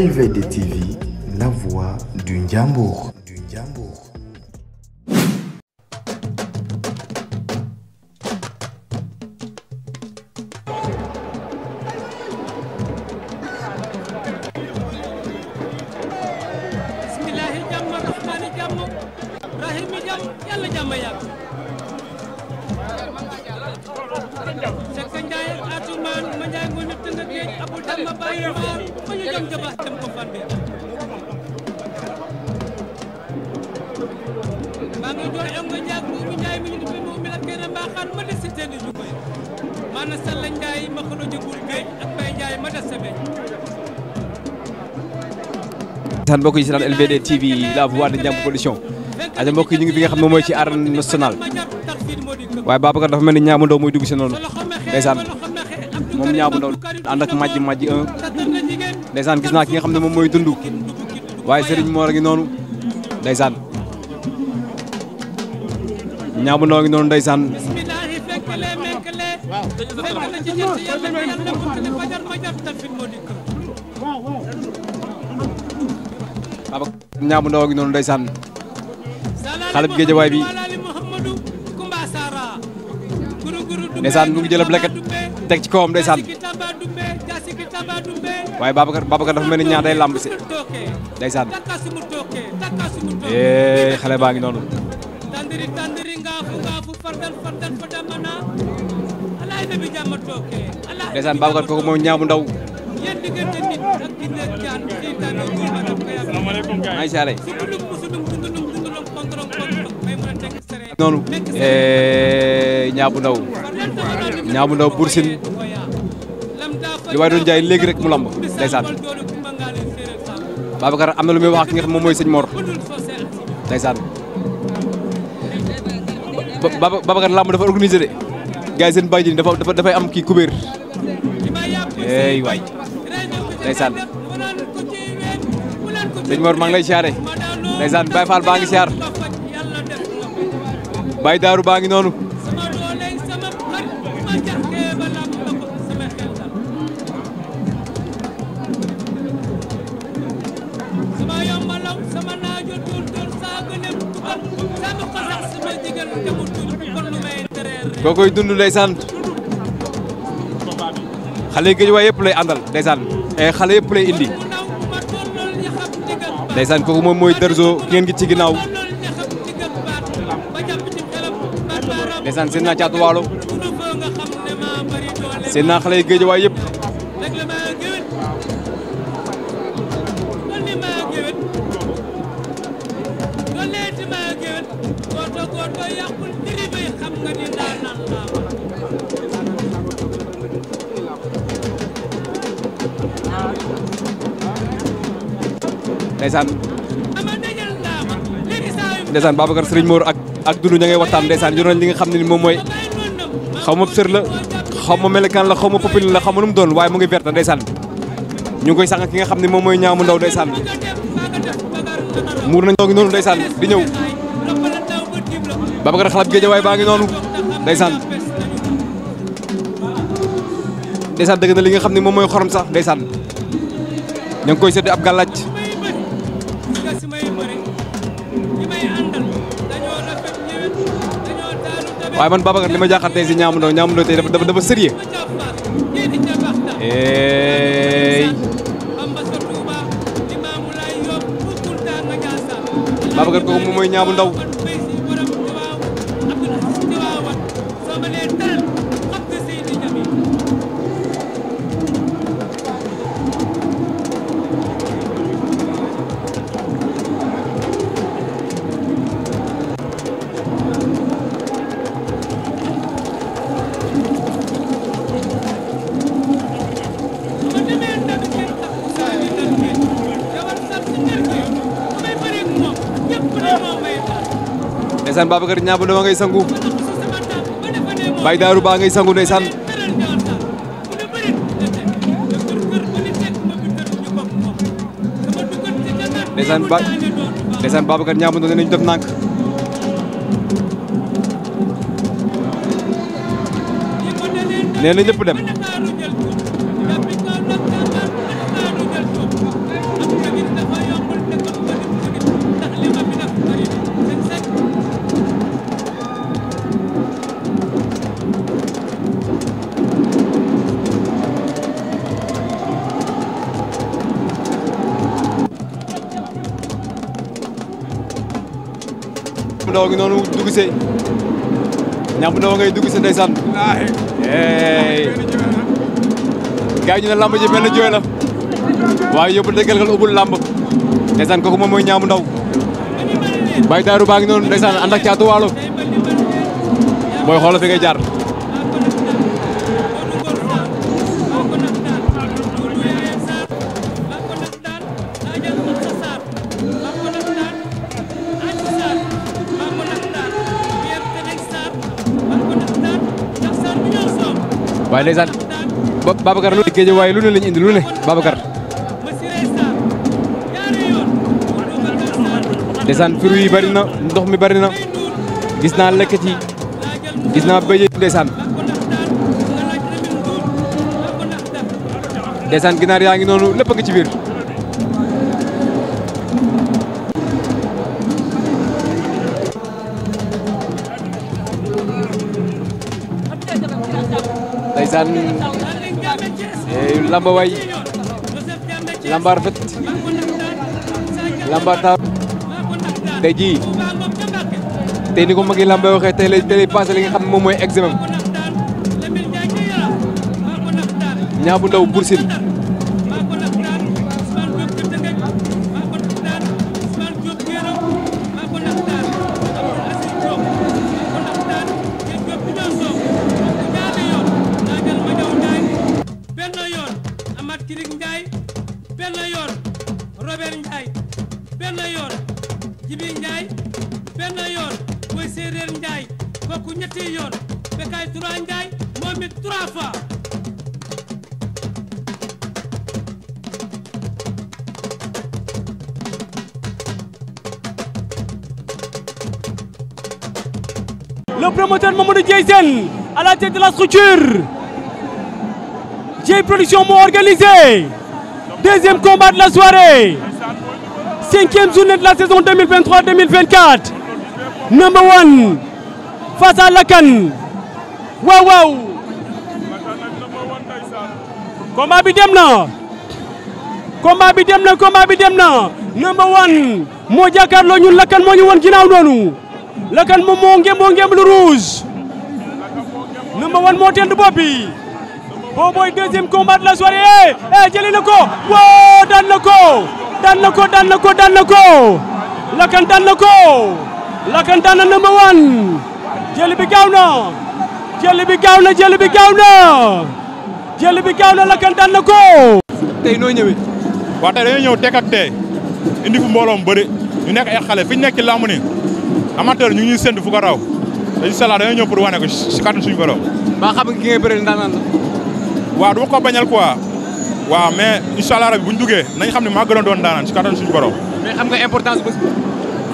LVD TV, la voix du Njambour. kon mbokk yi si naan LVD TV la voix de Ndiamp Production aja mbokk yi ñu ngi fi nga xam ne mooy ci arène nationale waaye Babacar dafa mel ni ñaamu ndaw muy dugg si noonu ndeysaan moom ñaamu ndaw ànd ak majj gis naa ki nga xam ne moom mooy dund waaye Serigne Mor a ngi noonu ndeysaan ñaamu ñaamu ndaw gi noonu ndeysaan xale bu géejawaay bi ndeysaan mu ngi jëlab leket teg ci kawam ndeysaan waaye Babacar Babacar dafa mel ni ñaar day lamb si ndeysaan eh xale baa ngi noonu ndeysaan Babacar kooku mooy ñaamu ndaw non noonu eh, ñaabu ndaw ñaabu ndaw bursin li waay doon jaay léegi rek mu lamb ndeysaan Babacar am na lu muy wax ki nga xam moom mooy sëñ Mor ndeysaan Babacar lamb dafa organisé de gars yi seen dafa am kii kubéer ey eh, waay ndeysaan sëñ Mor maa ngi lay siyaare ndeysaan Baye Fall baa ngi siyaar Baye Daaru baa ngi noonu kookoy dund ndeysaan xale géej waay yëpp lay àndal ndeysaan eh, xale yëpp lay indi ndeysaan kooku moom mooy Derzo ki ngeen ngi ci ginnaaw ndeysaan seen naa caatu waalo seen xale yi géej waaye yëpp ndeysaan Babacar Serigne Mor ak ak Doudou ña ngay waxtaan ndeysaan yor nañ li nga xam ni moom mooy xaw ma sër la xaw ma melekaan la xaw ma popil la xaw ma nu mu doon waaye mu ngi verte ndeysaan ñu ngi koy sànq ki nga xam ne moom mooy ñaamu ndaw ndeysaan nañ ngi noonu ndeysaan di ñëw Babacar xalab géej waaye ngi noonu ndeysaan ndeysaan dëgg na li nga xam ne moom mooy xorom sax ndeysaan ña ngi koy seddi ab gàllaaj waaye man Babacar li ma jaaxal tey si Niang bu Ndaw Niang bu Ndaw tey dafa dafa dafa sérieux Babacar kooku moom mooy Niang bu Ndaw ndeysaan Babacar Niang Balde ma ngay sangu Baye Darou Ba ngay sangu ndeysaan ndeysaan ba ndeysaan Babacar Niang Balde nañu def nànk nee na ñëpp dem ngi noonu dugg see ñàmb na wa ngay dugg see ndeysaan. ji mel na jooy la waaye yóbbu dëggal nga ubbul lamb ndeysaan kooku moom mooy ñaamu ndaw bay daaru baa ngi noonu ndeysaan ànd ak caatu waalo mooy xoolal fi ngay waaye ndeysaan Babacar lu ne géej waaye lu ne lañu indi lu ne Babacar ndeysaan fruit yi bari na ndox mi bari na gis naa lekket yi gis naa béy ndeysaan ndeysaan ginaar yaa ngi noonu lépp a ngi ci biir ndeysaan eh, lamba way lamba rafet lamba taaru tey jii tey ni ko mag yi lamba waxee tey lay tey lay passé li nga xam ne moom mooy examen bu ndaw à la tête de la structure. j'ai une Production organisée. organisée Deuxième combat de la soirée. Cinquième journée de la saison 2023-2024. Number one face à Lakan. Waouh waouh. Combat bi Combat bi combat bi Number one Mo ñun Lakan mo ñu won Lakan rouge. Elton moo teel bopp bi boo mooy la soirée eh eh ko woo daan na ko daan na ko daan na ko daan na ko Lakan daan na ko Lakan daan na number one jëli bi gaaw na jëli bi gaaw jëli bi gaaw jëli bi gaaw na Lakan daan ko. tey noo ñëwee. waaw tey tey indi fu mbooloo mu bëri ñu nekk ay xale fi ñu nekk ci làmb ñu ngi ñuy séntu raw. dañu allah dañoo ñëw pour wané ko ci kàddu suñu borom. ba xam ki ngay bëreel ndaanaan la. waaw du ko bañal quoi. wa mais inshallah rabbi buñ duggé nañ xamni ma gëna doon ndaanaan ci kàddu suñu borom. mais xam nga importance bu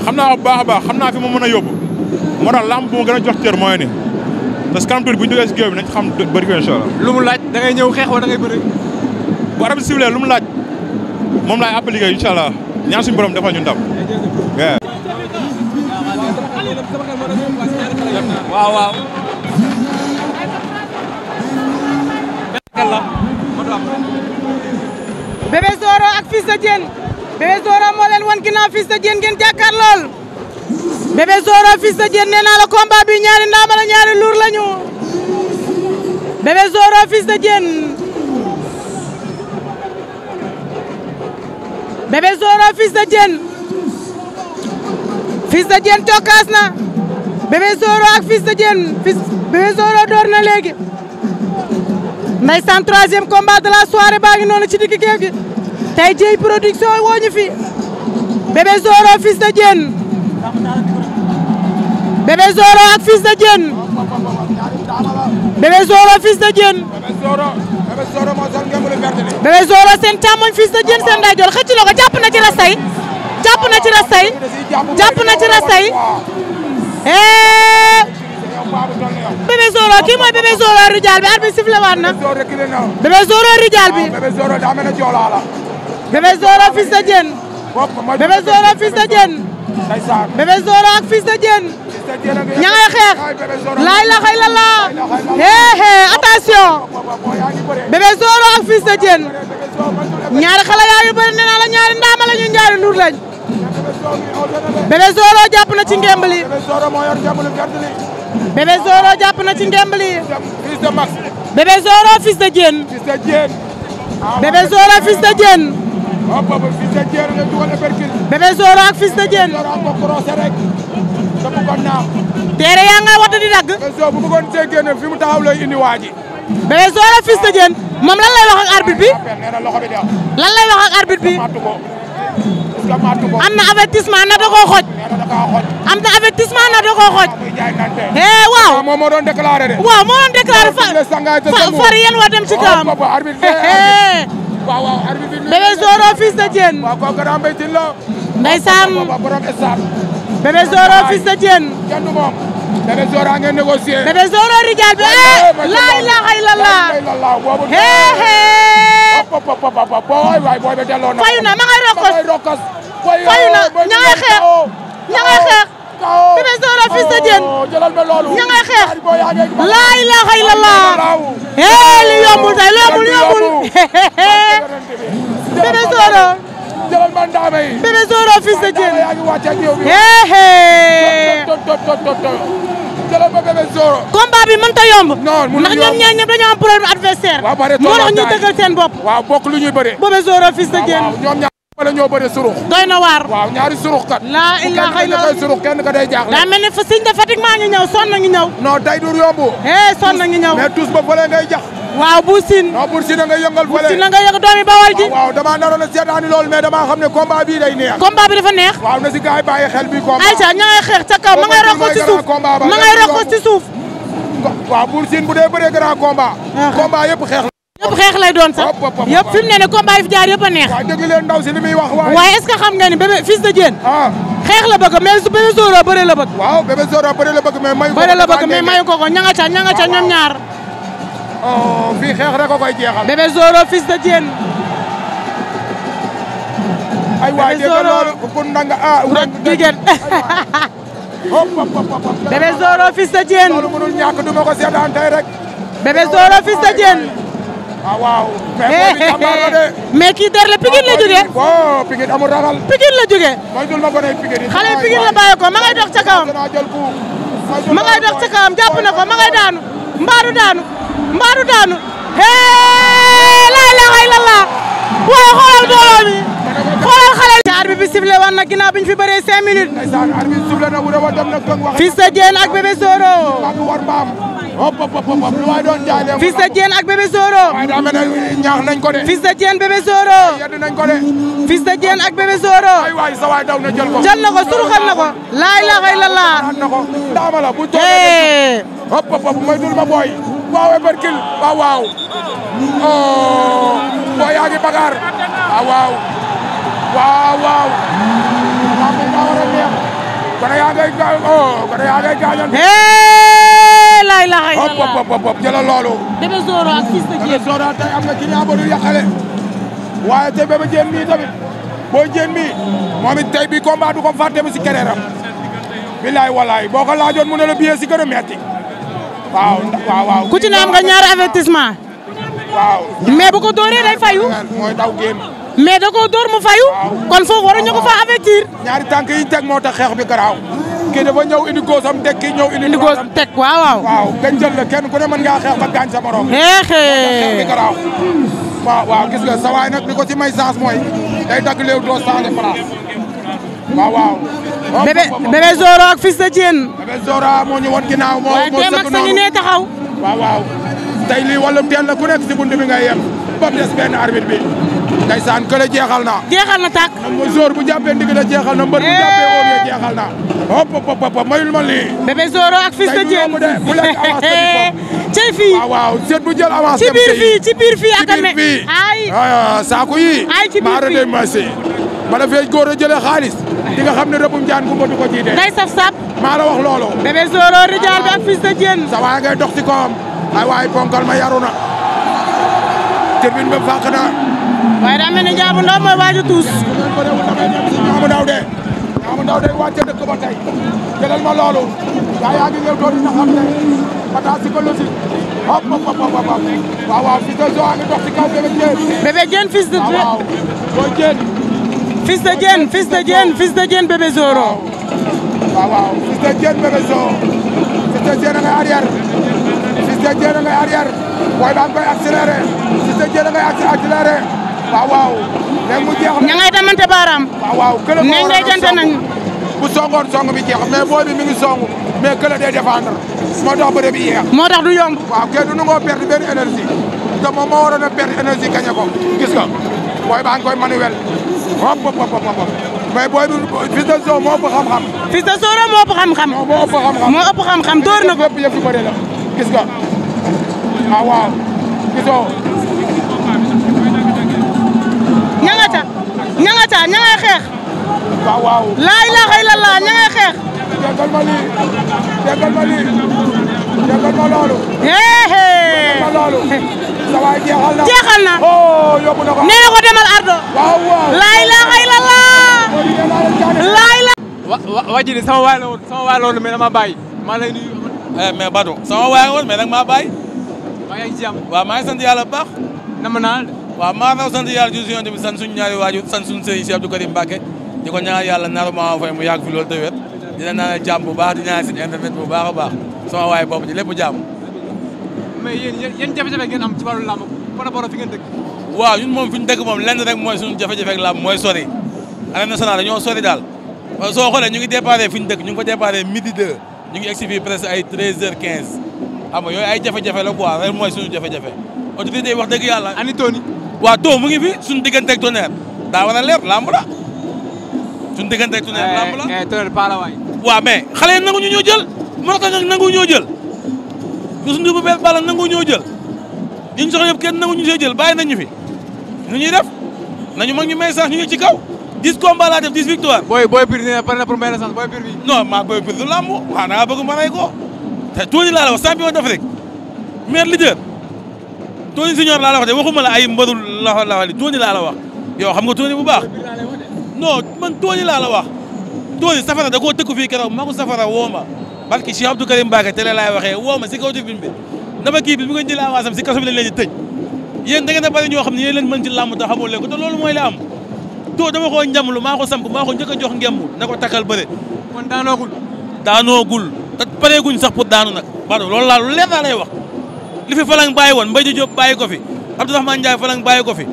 xamna bu baax baax xamna fi mo mën yobbu mo moo tax lamb bu ma jox cër moy ni parce que kanam tuuti bu ñu duggee bi nañ xam bari ko inshallah lu mu laaj da ngay ñëw xex wa da ngay bëre bu arab sibilé lu mu laaj mom lay appliqué inshallah ñaan suñu borom defal ñu ndam waaw waaw. Bébé Zoro ak Fils de Diène Bébé Zoro moo leen wan ginnaaw Fils de Diène ngeen jàkkaar lool Bébé Zoro Fils de ñaari ndaama la ñaari luur lañu Bébé Zoro Fils de Diène Bébé na bébé Zoro ak fils de Diène fils bébé Zoro door Mais léegi troisième combat de la soirée baa ngi ci gi production woñu fi bébé Zoro fils de Diène bébé Zoro ak fils de Diène bébé Zoro fils de Diène bébé Zoro sen fils de Diène seen ndeyjoor xëc na ko japp na ci japp na ci na ci bébé Zoro kii bébé Zoro rijaal bi arbitre sifflé waat na bébé Zoro rijaal bi bébé Zoro fils de bébé Zoro fils de Diène bébé Zoro ak fils la ñaari xale ñu ñaari luur lañ Bébé Zoro jàpp ci ngemb li. Bébé Zoro moo yor ngemb lu Bébé Zoro jàpp na Bébé Zoro fils de Bébé Zoro fils de ah, oh, Bébé Zoro ak fils de teere yaa nga wata di dagg. Bébé Zoro bu bëggoon moom lan lay wax ak bi. Ah, lan lay wax ak bi. am na avertissement na xoj. am na avertissement na xoj. eh waaw. waaw ah, moo doon déclaré de. waaw moo doon déclaré far yéen waa dem ci oh, kawam. Eh, eh, eh. waaw waaw arbitre bi Bébé Zoro a ngeen négocié. Bébé Zoro rijaal bi eh. laa ilaaha illallaah. hee hee. booy fayu na ma ngay rokkos. fayu na ña ngay xeex ña ngay xeex Bébé Sora Fils de Diène ña ngay xeex laa ilaha illallah eh li yombul tey yombul yombul Bébé Sora Bébé Sora Fils de Diène yomb. ndax ñoom ñaar ñëpp dañoo am problème adversaire. waaw moo tax ñuy dëggal seen bopp. waaw bokk lu ñuy bëree. Bébé Sora Fils de wala ñoo bëri surux doy na waar waaw ñaari surux kat laa ilaaha illa koy surux kenn ka siñ de Fatick maa ngi ñëw sonn ngi ñëw non day dur yomb eh sonn ngi ñëw mais tous ba fële ngay jax waaw Bur Sine non Bur Sine nga yëngal yëngal doomi Bawol ji a xam ne combat bii day neex combat bi dafa neex waaw na si gars yi xel bi combat Aïcha ña ngay xeex ca kaw ma ngay rokkoo ci suuf ma ngay rokkoo ci suuf waaw Bur Sine bu dee bëree grand combat ah. combat yëpp xeex yëpp xeex lay doon sax yëpp fi mu ne ne combat yi fi jaar yëpp a neex. waaw dégg leen ndaw si li waaye. waaye est xam nga ni bébé fils de ah. la bëgg mais mayu ko. bëre la bëgg mais mayu ko ko ña nga ca ña nga ca ah, ñoom ñaar. Oh, fii xeex rek a koy jeexal. bébé Zoro fils de bébé Zoro fils de ma ko seetaan tey waaw ah, waaw. mais eh, eh, eh. der la Pikine la ah, jógee. waaw Pikine amul ragal. Pikine la jógee. mooy dul ma gone Pikine. xale yi Pikine la bàyyi ko ma ngay dox ca kawam. ma ngay dox ca kawam jàpp na ko ma ngay daanu. mbaaru daanu. fi bëree 5 minutes. fils de Diène ak bébé Soro. hop hop hop hop lu waay doon ak bébé Zoro. waaye daa mel ne ñaax nañ ko de. Fils de Diène bébé Zoro. yedd nañ ko de. Fils de Diène ak bébé Zoro. waay waay sa laa ilaaha illallaah. bu toogee. Oh, bagaar. waaw waaw. a neex. kon yaa ngay oh, gaañ la ilaha illallah hop hop hop jëlal loolu. Bébé Zoro ak Fils de Diène. Zoro tey am na ci ñaar ba du yàqale. waaye tey Bébé mii tamit booy Diène mii moom tey bi combat du ko fàtte bu si kereeram. bilaay walaay boo ko laajoon mu ne la billet si gën a metti waaw waaw ñaari avertissement. waaw. bu ko dóoree day fayu. mooy daw génn. fayu. kon foofu waruñu ko fa ñaari tànk yi teg moo tax xeex bi garaaw. tekki dafa ñëw indi góosam tekki ñëw indi. indi góos teg waaw waaw. waaw la kenn ku man mën ngaa xeex ba gaañ sa morom. xeexee waaw waaw waaw gis nga sa waay ko ci may chance mooy day dagg léew doo changé place waaw waaw. bébé bébé Zoro ak Fils de moo ñu woon ginnaaw moo moo sëgg noonu waaye taxaw. teen la ku nekk si bunt bi ngay ba mu des benn arbitre bi. ndeysaan kële jeexal na jeexal na tàkk nag ma mbër bu jàppee eh. jeexal na hop hop hop mayul ma lii bébé Zoro ak fils de Dieng fii waaw waaw bu jël avance ci biir fii ci biir fii ak ne ay ah, ah, yi ay ci ma si bala fee góor a jëlee xaalis di nga xam ne rëbbum jaan gu mbëtu ko jiite day saf maa la wax loolu bébé Zoro rijaal bi ak fils de Dieng sa dox ci kawam ay waay ponkal ma yaruna tërbin ba fàq waaye daa mel ne Ndiaye bu tuus. Ndiaye Ndaw de Ndiaye Ndaw de wàcce dëkk ba tey ma loolu. yaa yaa ngi na xam ne pata psychologique hop hop hop hop waaw waaw fils dox ci kaw bébé Diène. bébé Diène fils de. waaw booy Diène. fils de Diène fils de Diène fils de Diène bébé Zoro. waaw waaw fils de Diène bébé Zoro. fils baa ngi koy accéléré. fils de Diène a waaw waaw mais mu jeex ña ngay damante baaraam. waaw waaw a jante nañu. bu songoon song bi jeex mais booy bi mi ngi song mais kële day défendre moo tax bëre bi yeex. moo tax du yomb. waaw kenn du nu ngoo perdre benn énergie te moom moo waroon a perdre énergie gañe ko gis nga booy baa ngi koy manuel booy bi Fils moo ëpp xam-xam. Fils moo ëpp xam-xam. moo ëpp xam-xam moo ëpp xam-xam door na ko. nga ca ña nga ca ña ngay Ardo. waaw waaw laa ilaaha illallaah. waay la woon waay la woon mais dama bàyyi maa lay nuyu. Eh, mais waay la ak jàmm waaw maa ngi sant yàlla bu baax. na waaw maa raw sant yàlla ju si yoon bi sant suñu ñaari waajur sant suñu sëriñ si Abdou Karim Mbacke di ko ñaan maa fay mu yàgg fi loolu tawet dina naan bu baax di ñaan si internet bu baax a baax sama waay bopp di lépp jàmm mais yéen yéen jafe-jafe ngeen am ci wàllu làmb par rapport ak fi ngeen moom fi ñu dëkk moom lenn rek mooy suñu jafe-jafe ak làmb mooy sori arène nationale ñoo sori daal soo xoolee ñu ngi déparé fi ñu dëkk ñu ngi fa déparé midi 2 ñu ngi egsi fii presque ay 13 heures 15 xam nga ay jafe-jafe la quoi moo mooy suñu jafe-jafe autorité yi wax dëgg yàlla ani waaw doo mu ngi fi suñu digganteeg Tonnerre daa war a leer lamb la suñu digganteeg Tonnerre lamb la mais eh, eh, Tonnerre pas la waay. waaw mais xale yi nanguñu ñoo jël Moroka nga nangu ñoo jël Youssou Ndour bu bees Balla nangu ñoo jël ñi ñu soxla yëpp kenn nanguñu see jël bàyyi nañu fi nu ñuy def nañu mag ñu may sax ñu ngi ci kaw. 10 combats laa def 10 victoire. booy booy pir ne pare na pour may maa booy pir du lamb waaw da bëgg ma ko te tuuti laa la wax champion d'Afrique meilleur leader. Tony Junior laa la wax de waxuma la ay mbarul la la Tony laa la wax yow xam nga Tony bu baax non man Tony laa la wax Tony safara da koo tëkku fii keroog maa ko safara woo ma barki Cheikh Abdou Karim Mbacké télé laay waxee woo ma si kaw tribune bi dama kii bi bu ngeen jëlee am si kaso bi lañ leen di tëj yéen da ngeen a bëri ñoo xam ne yéen leen mën ci làmb te xamul ko te loolu mooy la am to dama koo njamlu maa ko samp maa ko njëkk a jox ngemb na ko takkal bëre kon daanoogul daanoogul te pareeguñ sax pour daanu nag bado loolu laa lu wax li fi falang bàyyi won Mbaye Diop bàyyi ko fi Abdourahmane ndjay falang bàyyi ko fi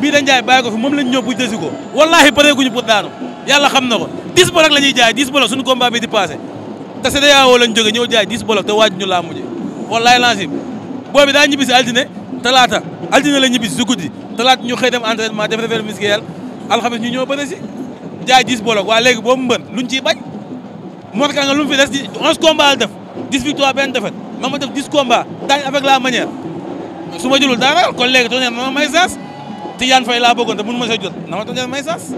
bi da ndjay bàyyi ko fi mom lañ ñëw bu jëssu ko wallahi wallaahi guñu bu daanu yalla xam na ko 10 bolok lañuy jaay 10 bolok suñu combat bi di passé ta te CEDEAO lañ jóge ñëw jaay 10 bolok te waaj ñu laa wallahi wallaahi bo bi da ñibisi altine talata altine la ñibisi su guddi talaata ñu xey dem entraînement def réveil musical al khamis ñu ñëw bëne ci jaay 10 bolok waa léegi boobu mbën luñ ci bañ mo ka nga luñ fi dess di 11 combat def 10 victoire ben defet mama ma def 10 combats avec la manière suma julul dara kon léegi Tonnerre na ma may saas Tidiane Faye laa bëggoon te mënu ma sa jot na ma Tonnerre may saas.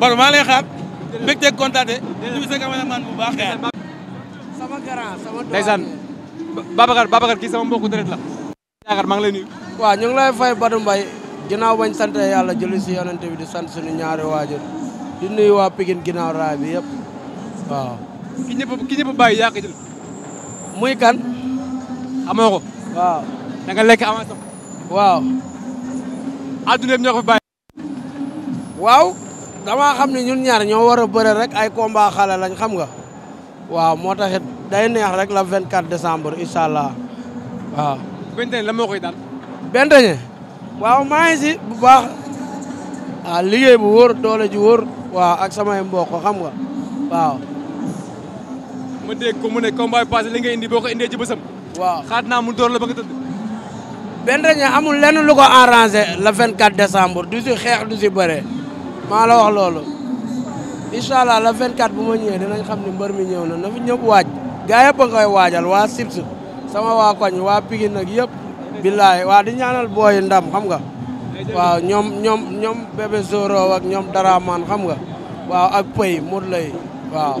bar ma lay xaar. jërëjëf bég teg kontaate. sa sa man bu baax. sama garan sama do ndaysan babakar babakar ki sama mbokku deret la. yaakar ma ngi lay nuyu. wa ñu ngi lay fay badum bay ginaaw bañ sante yalla jël ci yonenté bi di sante suñu ñaari wajur di nuyu wa Pikine ginaaw raabi yépp yëpp waaw. ki ñëpp ki ñëpp bay yaa jël. muy kan. amoo ko. waaw da nga lekk avance am. waaw. adduna bi ñoo ko fi bàyyi. waaw damaa xam ne ñun ñaar ñoo war a bëre rek ay combat xale lañ xam nga. waaw moo taxit day neex rek la quatre décembre incha allah waaw. benn la moo koy daan. benn waaw maa ngi si bu baax. a ah, liggéey bu wóor doole ji wóor. waaw ak samay mbokk xam nga waaw. ma dégg ko mu ne combat bi passé li nga indi boo ko indee ci bësam. waaw xaat naa mu door la ba nga tëdd. benn rajo amul lenn lu ko arrangé le 24 décembre du si xeex du si bëre maa la wax loolu incha allah le 24 bu ma ñëwee dinañ xam ni mbër mi ñëw na na fi ñëpp waaj. yëpp a koy waajal waa sama waa koñ waa Pikine nag yëpp billaay waa di ñaanal booy ndam xam nga. waaw ñoom ñoom ñoom bébé Zoro ak ñoom Daraman xam nga waaw ak pëy mur lay waaw.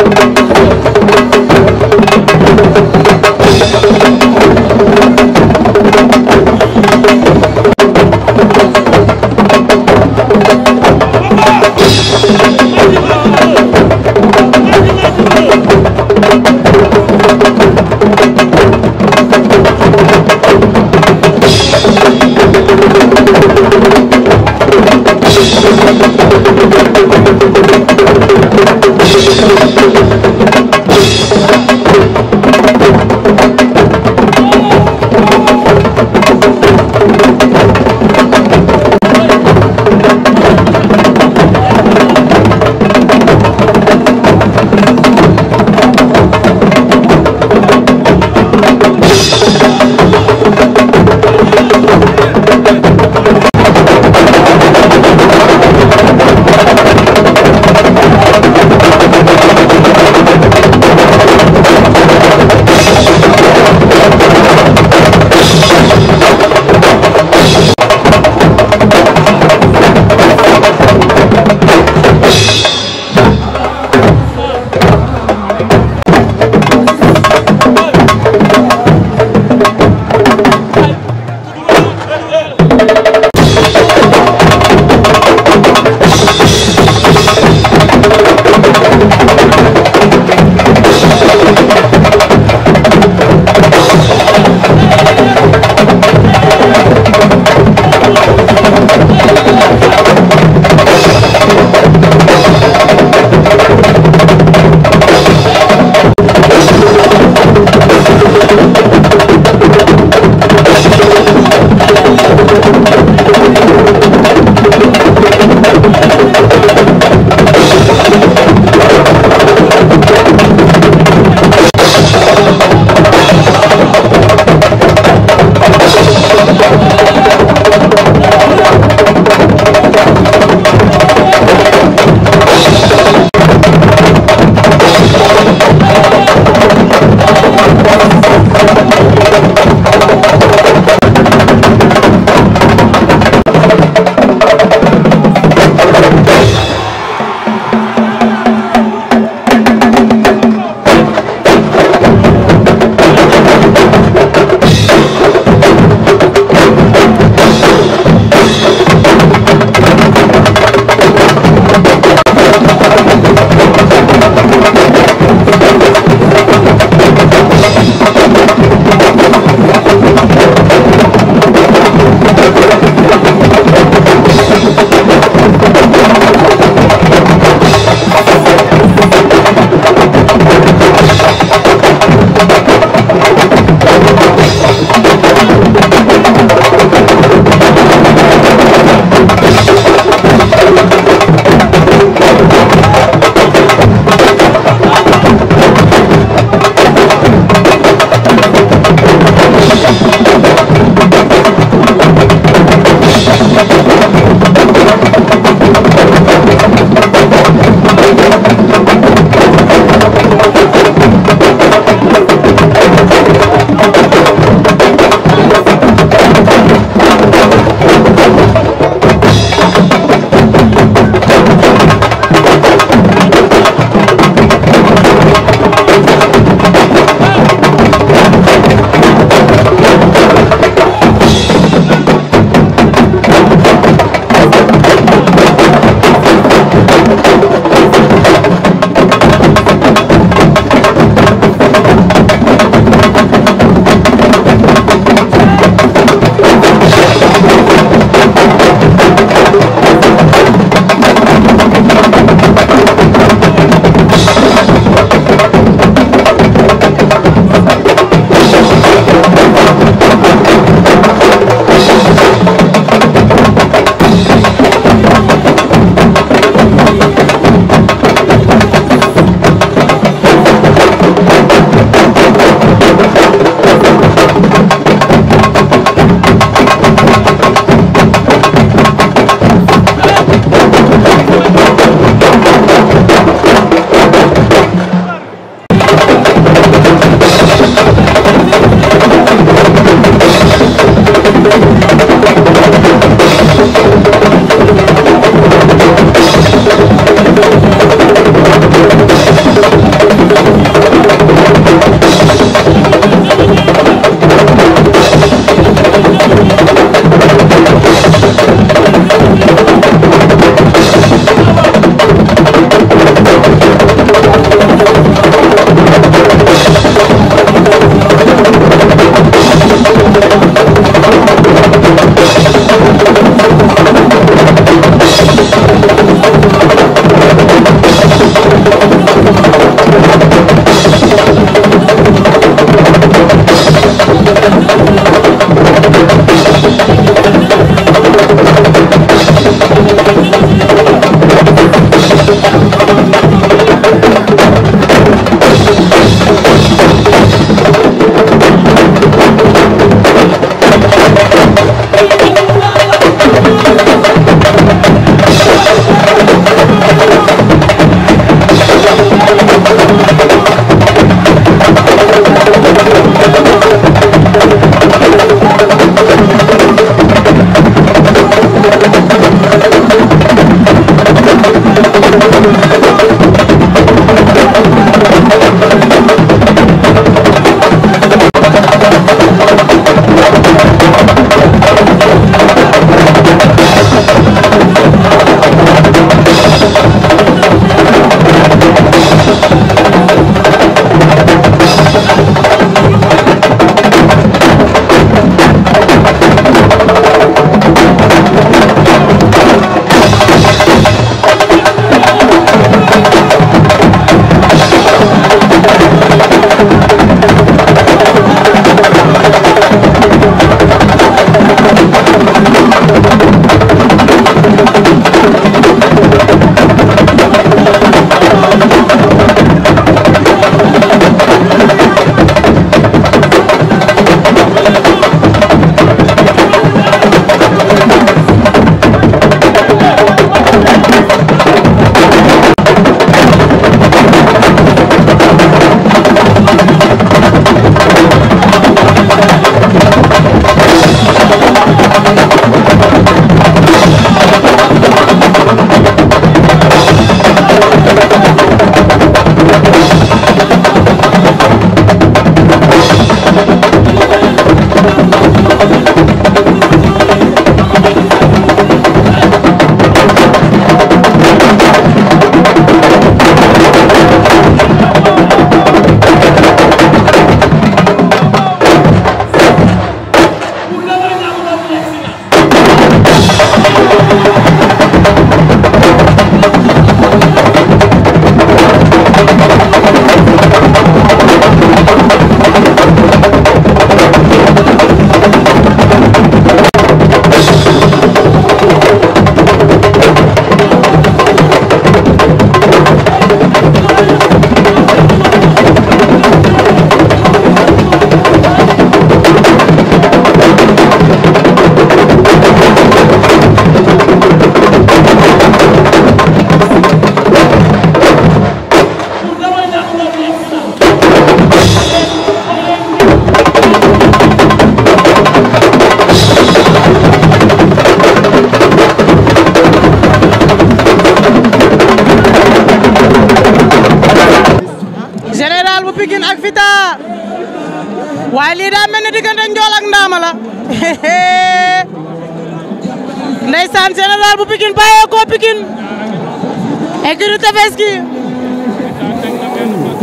Tabaski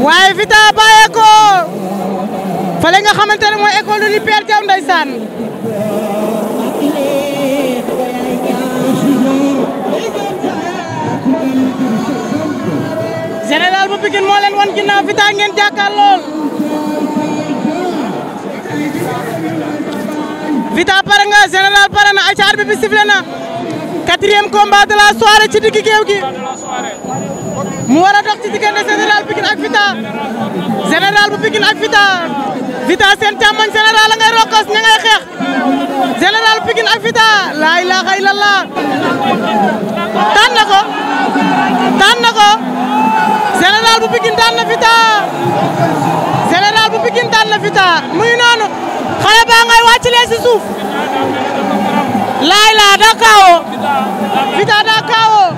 waaye Vita bàyyee ko Fale nga xamante ne mooy école du Père Diaw ndeysaan général bu bikin moo leen wan ginnaaw Vita ngeen jàkkaar lol. Vita pare nga général pare na ay caar bi bi sifle na combat de la soirée ci digg géew gi mu war a dox ci diggante général Pikine bu Pikine ak Vita Vita seen càmmoñ général a ngay rokkos ña ngay xeex général Pikine ak Vita laa ilaaha illallah daan na ko daan na ko général bu Pikine daan na Vita général bu Pikine daan na Vita muy noonu xale baa ngay wàccalee si suuf laa ilaaha daa kaawoo Vita daa kaawoo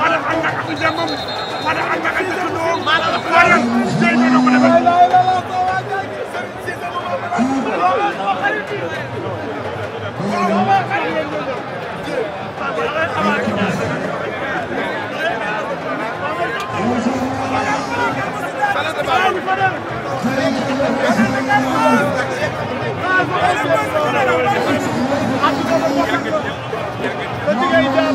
wala am nga am jàmmam wala am nga ay dëkkandoo wala jëy bi ko defal Douglas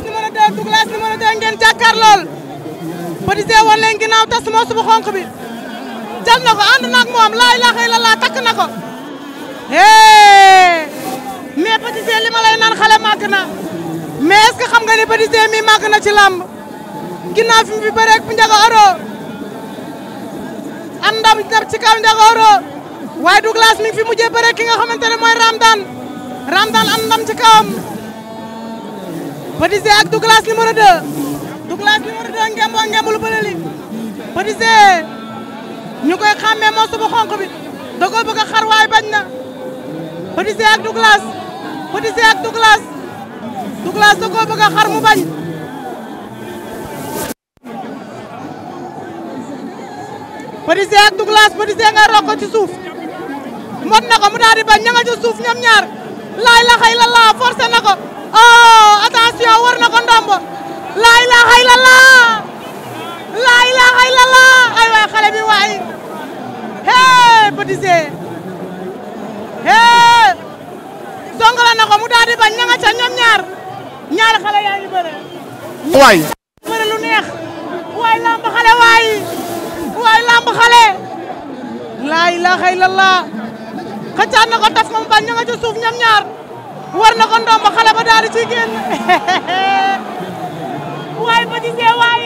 numéro 2 Douglas numéro 2 ngeen jàkkaar lool Patissé wan leen ginnaaw tas moo xonq bi jël ko ànd naag moom laa ilaaha illallaah takk na ko hee mais Patissé li naan xale màgg na mais est xam nga ni Patissé mi màgg na ci làmb ginnaaw fi mu fi bëreeg bu Ndiaga Oro am ndam ndam ci kaw Ndiaga Oro waaye fi mujjee bëreeg ki nga xamante ne Ramdan Ramdan am ndam ci kawam Patissé ak Douglas numéro Douglas ni 2 ngemboo ngembul bële li Petit Zé ñu koy xàmmee moo subu xonk bi da koy bëgg a na Petit ak Douglas Petit ak Douglas Douglas da koy bëgg a xar ak Douglas Petit Zé ci suuf mot mu nga ci suuf ñaar la oh attention war na ndombo laa ilaaha illallah laa ilaaha illallah ay waay xale bi waay hee Petit Zé hee na ko mu daal di ca ñoom ñaar ñaari xale yaa ngi bëre waay bëre lu neex waay lamb xale waay waay lamb xale laa ilaaha illallah xëccaat na ko taf ko mu bañ ca suuf ñoom ñaar war na ko ndomba xale ba daal di ciy waay ba ci see waay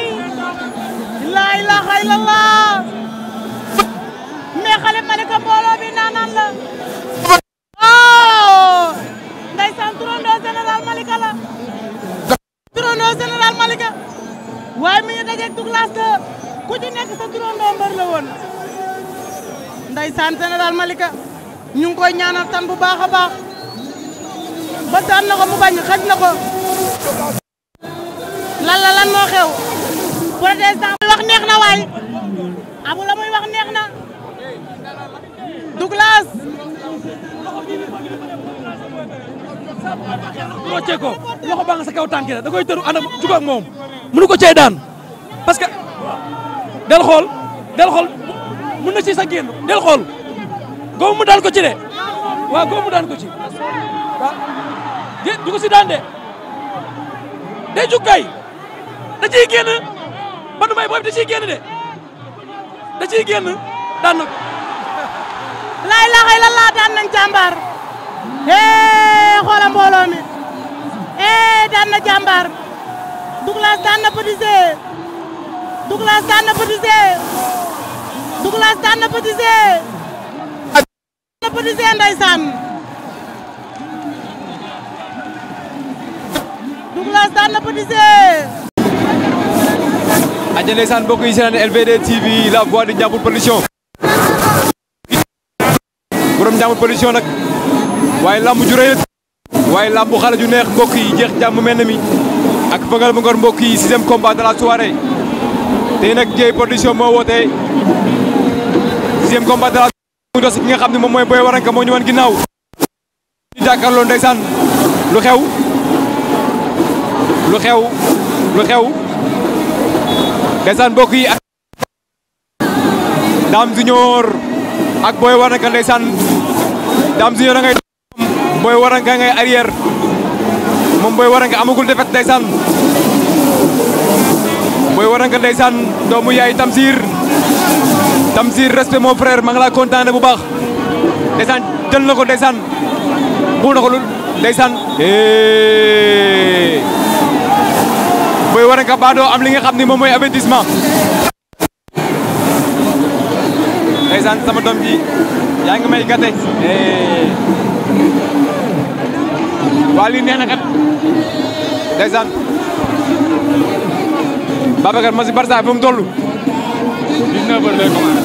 la ilaha illallah mais xale mbooloo bi naanaan la oh ndeysaan turandoo général Malika la turandoo général Malika waaye mi ngi dajeeg Douglas te ku ci nekk sa turandoo mbër la woon ndeysaan général Malika ñu ngi koy ñaanal tan bu baax a baax ba daan na ko mu bañ xaj na ko lan la lan moo xew protestant wax neex na waay la muy wax neex na Douglas rocce ko loxo baa sa kaw tànk da koy tëru anam jugo ak moom mënu ko cee daan parce que del xool del xool mën na ci sa génn del xool góob mu ko ci de mu ko ci du ko de da ciy génn Badou Mbaye boobu da ciy génn de da ciy génn daan na laay laxay lan laa daan nañ jàmbaar eh xoola mbooloo na jàmbaar Douglas daan na Petit Zé Douglas na Petit Zé Douglas na Petit Zé. daan na na Petit aja ndeysaan mbokk LVD TV la voix de Ndiambour Production borom Ndiambour Production nak waaye làmb ju rëy waaye làmb xala ju neex mbokk yi jeex jamm melni ak mi bu ngor bëngoor yi 6e combat de la soirée tey nak Jey Production moo 6e combat de la soirée dos ki nga xamni mom moy Boy Waranka mo ñu won ginnaw ñu jàkkaarloo ndaysan lu xew lu xew lu xew Desan bokki ak dam Junior ak Boy Waranka ndeysaan dam Junior ngay Boy Waranka ngay arrière mom Boy Waranka amagul defet ndeysaan Boy Waranka ndeysaan domou yaay Tamsir Tamsir respect mon frère ma ngi laa kontaane bu baax ndeysaan jël nako ko bu nako lu eh booy war a am li nga ni moom mooy avertissement. ndeysaan sama yaa ngi may gàtte. Eh. waa lii neex na kat ndeysaan Babacar ma si Barça ba mu toll. 19 heures lay commencé.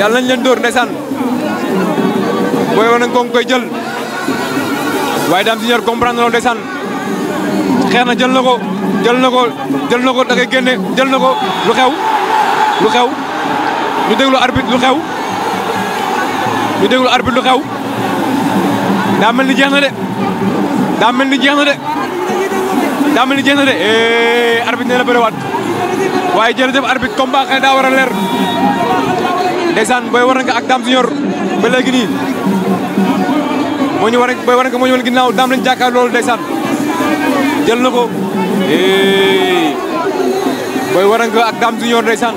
yàlla nañ leen dóor ndeysaan booy war nañ koy jël waaye daam si ñor comprendre loolu xeex na jël na ko jël na ko jël na ko da ngay génne jël na ko lu xew lu xew ñu deglu arbitre lu xew ñu déglu arbitre lu xew daa mel ni jeex na de daa mel ni jeex na de daa mel ni jeex na de eh, arbitre nee na bëriwaat waaye jërëjëf arbitre combat xëy daa war a leer ndeysaan booy war nga ak Dame Junior ba léegi nii moo ñu war a booy war nga moo ñu woon ginnaaw Dame lañ jàkkaar jël na ko booy waranga ak Dame Junior ndeysaan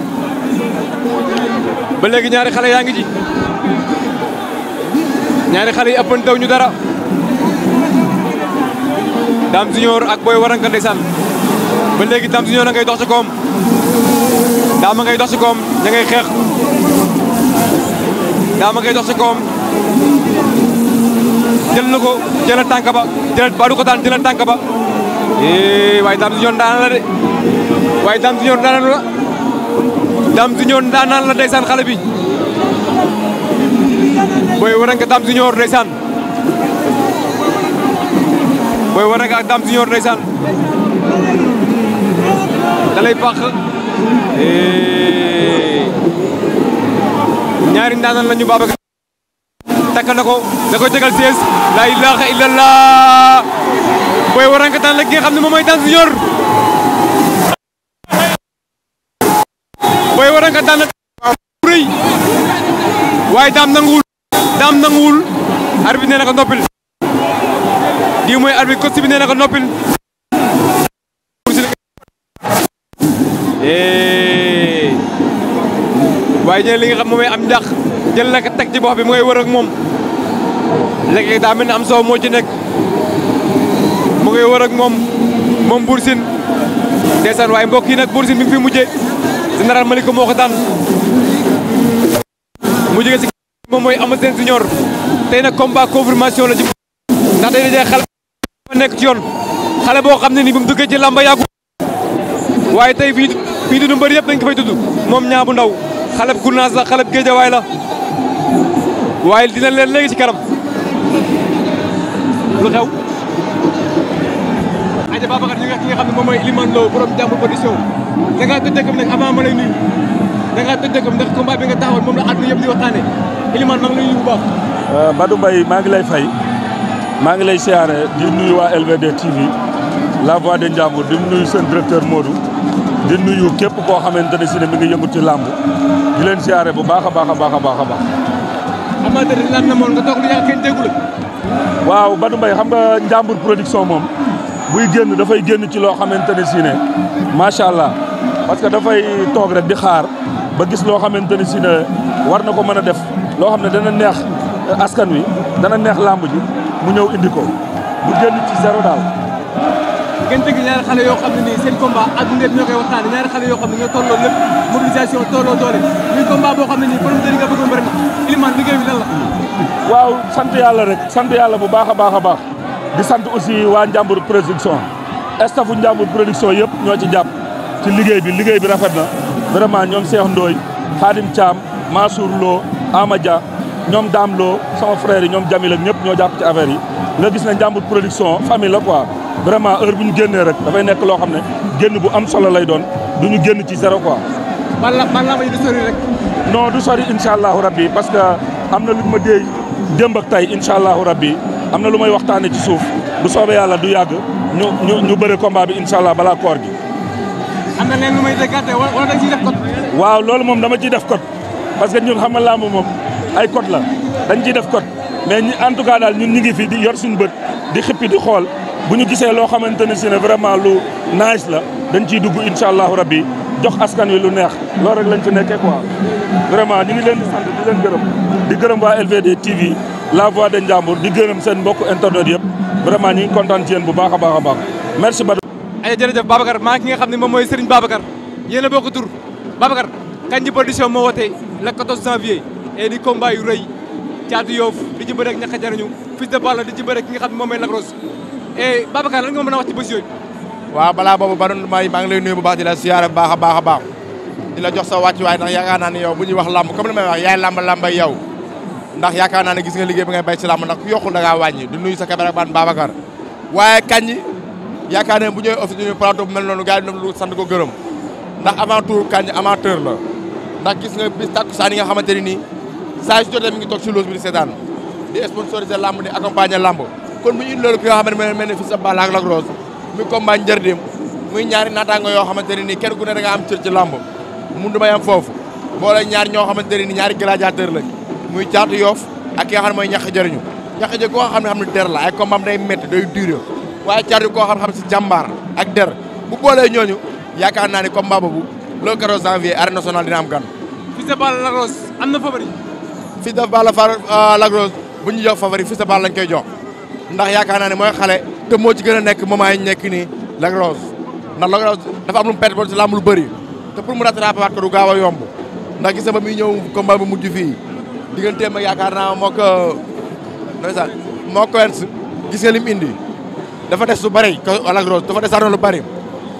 ba léegi ñaari xale yaa ngi ci ñaari xale yi ëppantaw ñu dara Dame Junior ak booy waranga ndeysaan ba léegi Dame Junior a ngay dox ci koom Dame ngay dox ci koom ña ngay xeex Dame ngay dox ci koom jël na ko jëlal tànk ba jëlal ba du ko daan tànk ba eh waaye Dame Junior daan la de waaye Dame Junior daan la Dame Junior daan naan la ndeysaan xale bi booy waranka Dame Junior ndeysaan booy waranka eh. ñaari ndaanan lañu Babacar takk na ko da koy tegal la ilaha illallah booy warankataan la ki nga xam ne moom mooy Dane Junior. booy warankataan la. waaye daam nanguwul. daam nanguwul. arbitre nee na noppil. lii mooy arbitre coach bi nee na noppil. waaye jël li xam moom am ndax jël na ko teg ci bopp bi mu ngay wër ak moom léegi daa ne am soow moo ci nekk. mu ngi wër moom moom Bour Sine ndeysaan waaye mbokk yi nag Bour Sine bi mu fi mujjee général Maliko moo ko daan mu si moom mooy Eumeu Sène Junior tey nag combat confirmation la ci ndax day dajee xale ba nekk ci yoon xale boo xam ne ni bi mu duggee ci làmba yàggu waaye tey fii fii du mbër yëpp dañ ko fay moom ñaa bu ndaw xale bu Gounass la xale bu Géejawaay la dina leen léegi ci kanam lu xew Aja Babacar ñi nga ki nga xam ne Lo borom jàmbur production da ngaa tëj dëkkam nag avant ma lay nuyu da ngaa tëj dëkkam ndax combat bi nga taxawal moom la àdduna yëpp di waxtaane Iliman maa lay ngi lay fay ngi lay di nuyu LVD TV la voix de di nuyu seen directeur Modou di nuyu képp koo xamante ne ne mi ngi yëngu ci làmb di leen siyaare bu baax a baax a baax a lan na moon nga toog lu yàgg kenn waaw xam nga production buy génn dafay génn ci loo xamante ne si ne macha allah parce que dafay toog rek di xaar ba gis loo xamante ni si war na ko mën a def loo xam ne dana neex askan wi dana neex làmb ji mu ñëw indi ko bu génn ci zéro daal. ngeen tëgg ñaari xale yoo xam ne ñoo koy waxtaane ñaari xale yoo xam tolloo lépp mobilisation tolloo doole boo xam ne nii promoteur yi nga bëggoon bëri na la. waaw sant yàlla rek sant yàlla bu baax a baax a baax. di sant aussi waa Njàmbur production staffu Njàmbur production yëpp ñoo ci jàpp ci liggéey bi liggéey bi rafet na vraiment ñoom Cheikh Ndoye Khadim Thiam Mansour Lo Amadia ñoom Dame Lo sama frère yi ñoom Jamil ak ñëpp ñoo jàpp ci affaire yi nga gis ne Njàmbur production famille la quoi vraiment heure bu ñu génnee rek dafay nekk loo xam ne génn bu am solo lay doon du ñu génn ci zéro ko man la man la may du sori rek. non du sori incha allahu rabbi parce que am na lu ma dee démb ak tey incha allahu rabbi am na lu may waxtaane ci suuf bu soobee yàlla du yàgg ñu ñu ñu bëre combat bi incha allah balaa koor gi. am waaw loolu moom dama ciy def code parce que ñun xam nga làmb moom ay code la dañ ciy def code mais ñi en tout cas daal ñun ñu ngi fi di yor suñu bët di xippi di xool bu ñu gisee loo xamante ne si ne vraiment lu nice la dañ ciy dugg incha allahu rabbi jox askan wi lu neex loo rek lañ fi nekkee quoi vraiment ñu ngi leen di sant di leen gërëm di gërëm waa LVD TV. la voix de Ndiambour di gërëm seen mbokk internet yëpp vraiment ñi ngi ci yeen bu baaxa baaxa baax merci ba ay jërëjëf Babacar maa ngi ki nga xamni ne moy Serigne babakar yeena a tour babakar kan Kandji Production mo woté le 14 janvier et di combat yu rëy caatu yoof di ci rek ñaka jarñu fils de Balla di ci rek ki nga xamni ne moom mooy Rose et babakar lan nga mëna wax ci bés wa bala bobu ba badoon may maa ngi lay nuyu bu baax di la siyaare baaxa baaxa baax di la jox sa wàcc way nak yaakaar naa ne yow bu ñuy wax lamb comme li wax yaay lamb lamb yow ndax yaakaar na ne gis nga liggey bi ngay bay ci lamb nak yokku da nga wañi du nuyu sa cameraman Babacar waaye kañ yaakaar ne bu ñoy office ñu plateau bu mel nonu gaay ñu lu sant ko gëreum ndax avant tout kanyi amateur la ndax gis nga bis sa ni nga xamanteni ni sa ci jotté mi ngi tok ci loos bi di di sponsoriser lamb di accompagner lamb kon bu ñu indi loolu ki nga xamante mel ne fi sa Balla ak Lac Rose muy combat njërdeem muy ñaari naataango yoo xamante ne nii kenn ne da nga am ci lamb mu du yam fofu bo boole ñaar ño xamanteni ni ñaari gladiateur lañ muy caatu yof ak ki nga xamne moy ñak jarignu ñak jé ko xamne xamne der la ay combat day metti day duré waye caatu ko xamne xamne ci jambar ak der bu bolé ñooñu yaakaar naa ne combat bobu le 14 janvier arena nationale dina am gan. Fils de Balla Lac Rose amna na favori. Fils de Balla euh, la Rose bu ñu jox favori Fils de Balla lañ koy jox ndax yaakaar naa ne mooy xale te mo ci gëna nek nekk moment yi ñu nekk Rose na la Rose dafa am lu pet bo ba ci làmb lu bëri te pour mu rattraper waat ko du gaaw yomb ndax gis nga ba muy combat bu mujju fi digganteem ak yaakaar naa moo ko euh, ndeysaan moo ko gis nga indi dafa des lu bëri Lac Rose dafa des lu bëri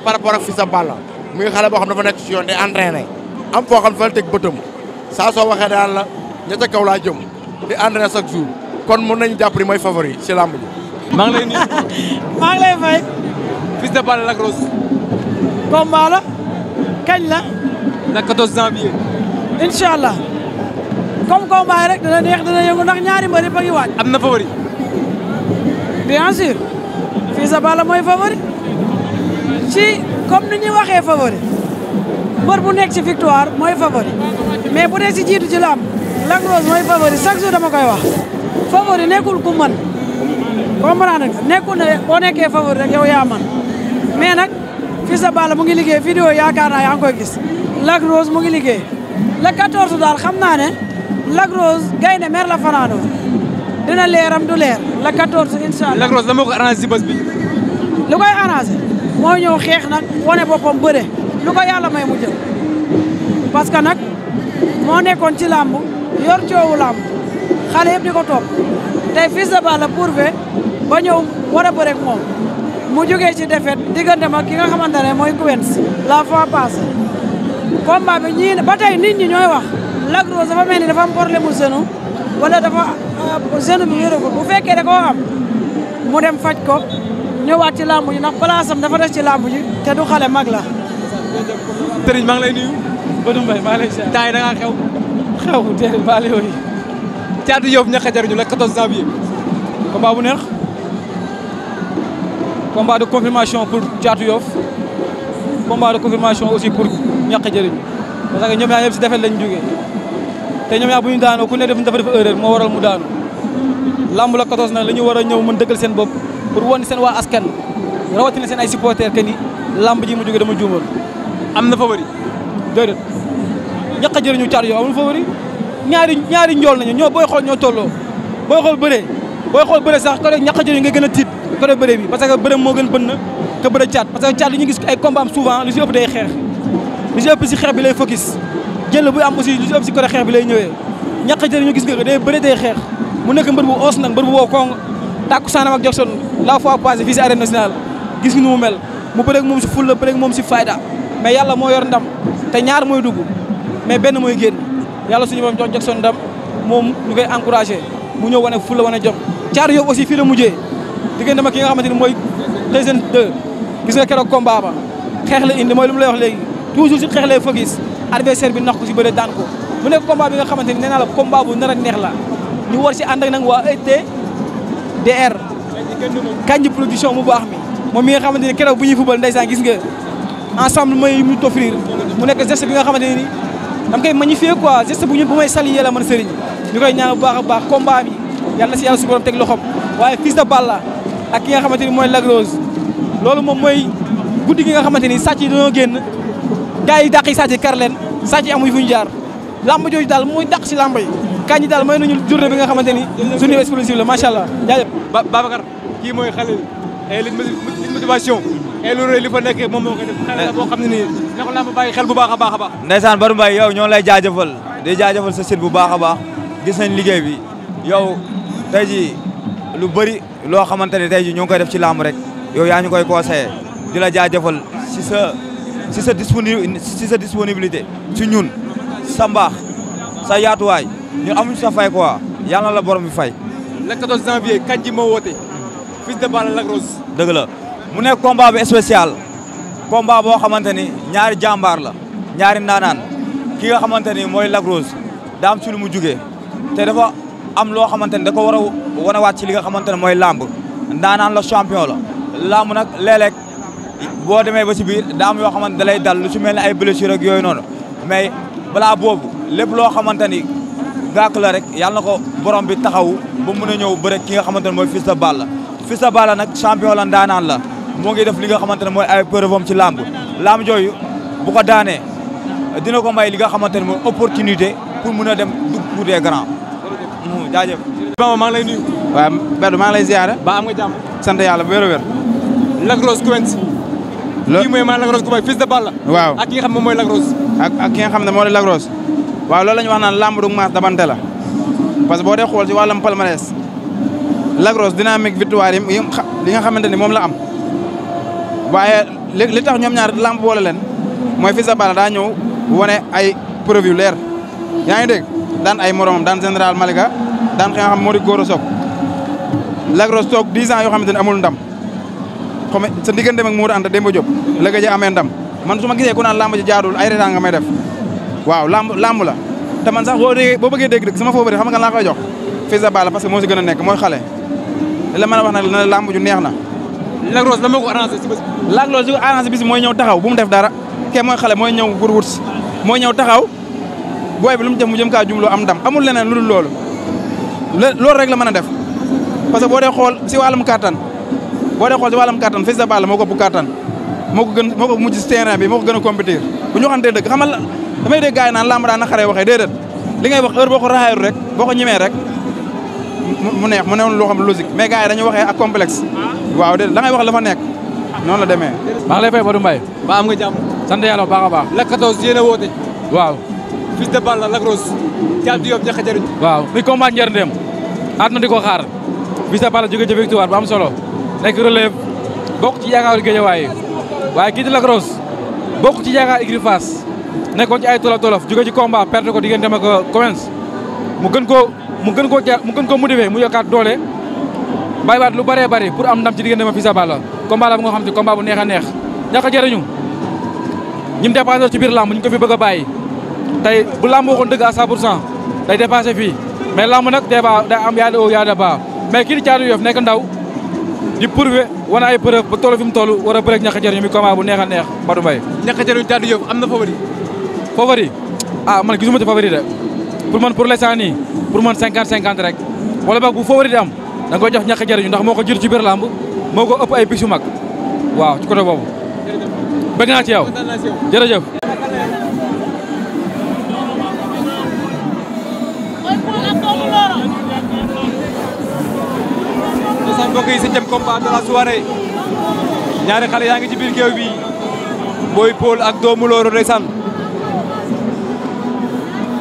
par rapport ak Fils de Balla muy xale boo xam dafa nekk ci yoon di entraîné am foo xam fa la teg bëtam saa soo waxee daan la ñetta laa jëm di entraîné chaque jour kon mën nañu jàpp mooy favori ci làmb ji. maa ngi lay fay. Fils de Balla Lac Rose. combat la. kañ la. na 14 janvier. incha comme combat rek dina neex dina yëngu ndax ñaari mbër yëpp a waaj. am na favori. bien sûr. fii sa Balla mooy favori. ci comme ni ñuy waxee favori. mbër bu nekk ci victoire mooy favori. mais bu dee si jiitu ci lamb. Lac Rose mooy favori chaque dama koy wax. favori nekkul ku mën. comprendre nga nekkul ne boo nekkee favori rek yow yaa mën mais nag fii sa Balla mu ngi liggéey vidéo yaakaar naa yaa ngi koy gis Lac Rose mu ngi liggéey le daal xam naa ne. Lac Rose gaynde mer la fanaanoo dina leeram du leer la 14 incha allah. Lac Rose dama ko arrangé si bés bi. lu moo ñëw xeex nag wane boppam bëre lu ko yàlla may mu jël parce que nag moo nekkoon ci làmb yor coowu làmb xale yëpp di ko topp tey Fils de Balla ba ñëw war a bëre ak moom jógee ci défaite diggante ma ki nga xamante ne mooy Quench la fois passée combat bi ñii ba tey nit ñi ñooy wax. Lac Rose dafa mel ni dafa am problème mu genou wala dafa euh, genou bi wéeru ko bu fekkee da koo am mu dem faj ko ñëwaat ci làmb ji ndax place am dafa des ci làmb ji te du xale mag la. Serigne maa ngi lay nuyu. Badou Mbaye maa ngi lay seet. temps yi da ngaa xew. xew teel baal yooyu. caatu yow ñax a jariñu la 14 janvier. combat bu neex. combat de confirmation pour Thiatou Yoff combat de confirmation aussi pour Niakh Jëriñ parce ñoom ñaar ñëpp si defet lañ jógee te ñoom yaa bu ñu daanoo ku ne def dafa def erreur moo waral mu daanu lamb la 14 nag la ñu war a ñëw mën dëggal seen bopp pour wan seen waa askan rawatina seen ay supporters que ni lamb ji mu jóge dama juumal. am na favori. déedéet ñaq jëriñu caatu yow amul favori ñaari ñaari njool nañu ñoo booy xool ñoo tolloo booy xool bëree booy xool bëree sax côté ñaq jëriñu nga gën a tiit côté bëree bi parce que bëree moo gën bënn te a caat parce que caat li ñu gis ay combat am souvent lu si ëpp bi lay focus. jël bu am aussi lu ci ëpp si côté xeex bi lay ñëwee ñàkk jëri ñu gis nga day bëri day xeex mu nekk mbër bu oos nag mbër bu woo kong tàkku saanam ak Jackson la fois passé fii si arène nationale nu mu mu bëreeg moom si fulla bëreeg moom si fayda mais yàlla moo yor ndam te ñaar mooy dugg mais benn mooy génn yàlla suñu borom jox Jackson ndam moom ñu koy encouragé mu ñëw wane fulla wane jom caar yow aussi fii la mujjee diggante ma ki nga xamante ni mooy Tyson 2 gis nga keroog ba xeex la indi mooy lay wax léegi toujours si lay gis adversaire bi nax ko si bëre daan ko mu nekk combat bi nga xamante ni nee naa la combat bu nar a neex la ñu war si ànd ak nag waa ETDR kanji production mu baax mi moom mi nga xamante ni keroog bu ñuy fubal ndeysaan gis nga ensemble mooy mu t'offrir mu nekk geste bi nga xamante ni dama koy magnifier quoi geste bu ñu bu may saluer la man sëriñ ñu koy ñaan bu baax a baax combat si yàlla su teg loxoom waaye Fils Balla ak ki nga xamante ni mooy Lac Rose loolu moom mooy guddi gi nga xamante ni sàcc yi dañoo génn gars yi dàq yi sàcc kar leen sàcc yi amuñu fu ñu jaar làmb jooju daal mooy dàq si làmb yi kañ yi daal may nañu journée bi nga xamante ni ne exclusive la macha allah jaajëf Babacar kii mooy xale eh, li li motivation et eh, loolu li fa nekk moom moo def xale la boo xam ne nii na ko làmb bàyyi xel bu baax a baax a baax ndeysaan Badou Mbaye yow ñoo lay jaajëfal di jaajëfal sa site bu baax a baax gis nañ liggéey bi yow tey ji lu bari loo xamante ne tey ji ñoo ngi koy def ci làmb rek yow yaa ñu koy conseillé di la jaajëfal si sa si sa disponi si sa disponibilité si ñun sa sa yaatuwaay ñun amuñu sa fay quoi yàlla na la borom bi fay. le 14 janvier kañ ji ma woote. fils de Balla Lac Rose. mu nekk combat bi spécial. combat boo xamante ni ñaari jàmbaar la ñaari ndaanaan ki nga xamante ni mooy Lac Rose daa am lu mu juge te dafa am loo xamante ni da ko war a wanewaat ci li nga xamante ne mooy làmb ndaanaan la champion la làmb nag léeg boo demee ba si biir daa am yoo xamante da lay dal lu si mel ne ay blessure ak yooyu noonu mais balaa boobu lépp loo xamante ni gàkk la rek yàlla na ko borom bi taxaw ba mun a ñëw bëre ki nga xamante ne mooy Fils de Balla Fils de Balla nag champion la ndaanaan la moo ngi def li nga xamante ne mooy ay preuve am ci làmb làmb jooyu bu ko daanee dina ko may li nga xamante ne mooy opportunité pour mun a dem dugg pour des grands mm, jaajëf Bamba maa lay nuyu waaw ba am nga jàmm sant yàlla bu wér loolu kii mooy maanaam Lac Rose ku may waaw ak i xam ne moom mooy Lac Rose. ak ak nga xam ne moo lagros Lac waaw loolu la ñu wax naan làmb du maas dabante la parce que boo dee xool ci wàllum palmarès Lac Rose dynamique victoire yi li nga xamante ni moom la am waaye li tax ñoom ñaar làmb boole leen mooy fils de daa ñëw wane ay preuve leer yaa ngi dégg daan ay moromam daan général Malika daan ki nga xam moo di Goro Sock Lac toog 10 yoo xam ne amul ndam. xome sa diggante ak Modou Anta Demba Diop la gëj a amee ndam man su ma gisee ku naan lamb ji jaadul ay reetaan nga may def waaw lamb la te man sax de boo bëggee dégg dëgg sama favori xam nga laa koy jox Fils de Balla parce que moo si gën a nekk mooy xale la mën a wax nag na lamb ju neex na Lac Rose la moo ko arrangé si bés Lac Rose li ko arrangé mooy ñëw taxaw bu mu def dara kee mooy xale mooy ñëw pour wut mooy ñëw taxaw booy bi lu mu def mu jëm kaa jumloo am dam amul leneen lu dul loolu loolu rek la mën a def parce que boo dee xool si wàllum kàttan boo dee xool ci wàllum kattan Fils de Balla moo ko bu kattan moo ko gën moo ko mujj bi moo ko gën a compétir bu ñu waxantee dëgg xamal damay dégg gars yi naan lamb daan na xaree waxee déedéet li ngay wax heure boo ko raxayru rek boo ko ñemee rek mu neex mu newoon loo xam logique mais gars yi dañu waxe ak complexe waaw déedéet la ngay wax la fa nekk noon la demee maa ngi lay fay Badou Mbaye ba am nga jàmm sant yàlla baax a baax la 14 yéen a woote waaw Fils de la la Rose jàpp di yóbbu ñax a waaw mi combat njëriñ dem at na di ko xaar Fils de Balla jóge ci victoire bu am solo nekk relève bokk ci yaakaaru Guédiawaye waaye kii di Lac Rose bokk ci yaakaar Igri Fass nekkoon ci ay tolof tolof jóge ci combat perte ko diggante ko Comens mu gën koo mu gën koo mu gën koo motiver mu yokkaat doole bàyyiwaat lu bëree bëri pour am ndam ci diggante ma Fils Balla combat la bu xam te combat bu neex a neex ñàkk a jëriñu ñim dépassé ci biir làmb ñu ko fi bëgg a bàyyi tey bu làmb waxoon dëgg à 100 pour cent day dépassé fii mais làmb nag day ba day am yaa oo haut yaa da bas mais kii nekk ndaw di prouvé wane ay preuve ba toll fi mu toll war a bëreeg ñàkk a jëriñu mi combat bu neex a neex Badou Mbaye. ñàkk a jëriñu Thiatou am na favori. favori a ah, man gisuma ci favori de pour man pour l'instant nii pour man 50 50 rek wala boog bu favori di am da nga koy jox ñàkk a ndax moo ko jur ci biir làmb moo ko ëpp ay picc yu mag waaw ci côté boobu. bëgg naa ci yow jërëjëf. mbokk yi septième combat de la soirée ñaari xale yaa ngi ci bi Boy Paul ak Doomu Loro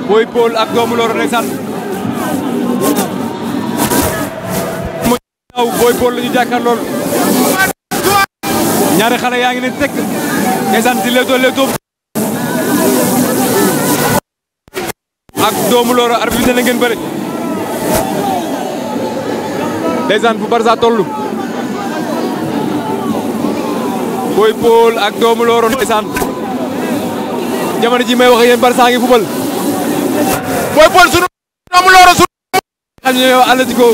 Boy Paul ak Doomu Loro ndeysaan Boy Paul la ñu jàkkaar lool ñaari xale yaa ngi ne teg di leetoo leetoo ak Doomu Loro arbitre na ngeen ndeysaan fu Barça toll Boy Paul ak doomu Loro ndeysaan jamono ji may wax ak yéen Barça ngi fubal Boy Paul sunu doomu Loro sunu xam ne Atlético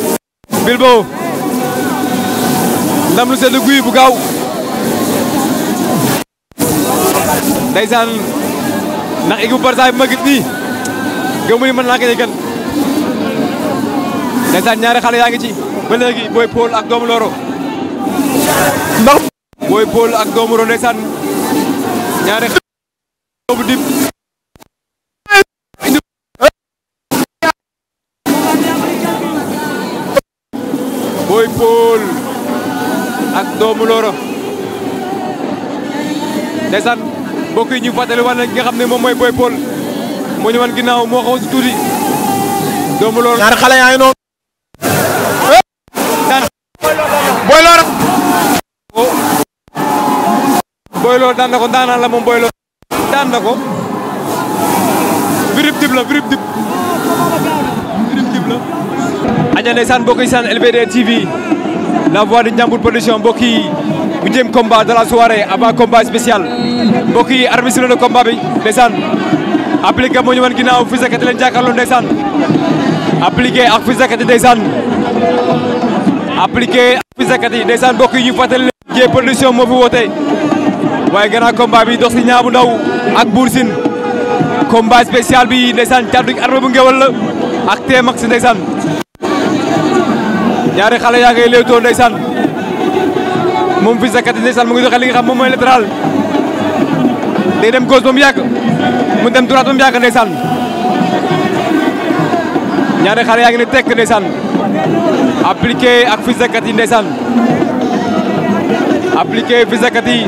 lu sedd guy bu gaaw ndeysaan ndax équipe Barça bi ma gis nii gëmul mën naa ko yëgal ndeysaan ñaari xale yaa ngi ci ba Boy pol ak dom Loro ndax Boy pol ak dom Loro ndeysaan ñaari doomu dip Boy pol ak dom Loro ndeysaan bokk yi ñu fatale wala nga xamne mom moy Boy pol mo ñu man ginaaw mo xaw si tuuti doomu Loro ñaari xala yaay ngi boyloo boyloo daan na ko ndaanaan la moom boyloo daan na ko birib dib la birib dib birib dib la aja ndeysaan mbokk yi saan LVD TV la voix du Ndiambour production mbokk yi huitième combat de la soirée avant combat spécial mbokk yi na combat bi ndeysaan appliqué moo ñu wan ginnaaw Fils de Katy leen jàkkaarloo ndeysaan appliqué ak Fils de Katy appliqué fisakat yi ndeysaan mbokk yi ñu fàttali leen Dieye production moo fi woote waaye gannaaw combat bi dox si ñaabu ndaw ak Bour Sine combat bi ndeysaan càddu arme bu ngewal la ak T-Max ñaari xale yaa ngay léewtoo ndeysaan moom fisakat yi ndeysaan mu ngi doxee li nga xam moom mooy latéral day dem gauche ba mu yàgg mu dem droite ba mu yàgg ndeysaan ñaari xale yaa ngi ne tekk ndeysaan appliqué ak fisakat yi ndeysaan appliqué fisakat yi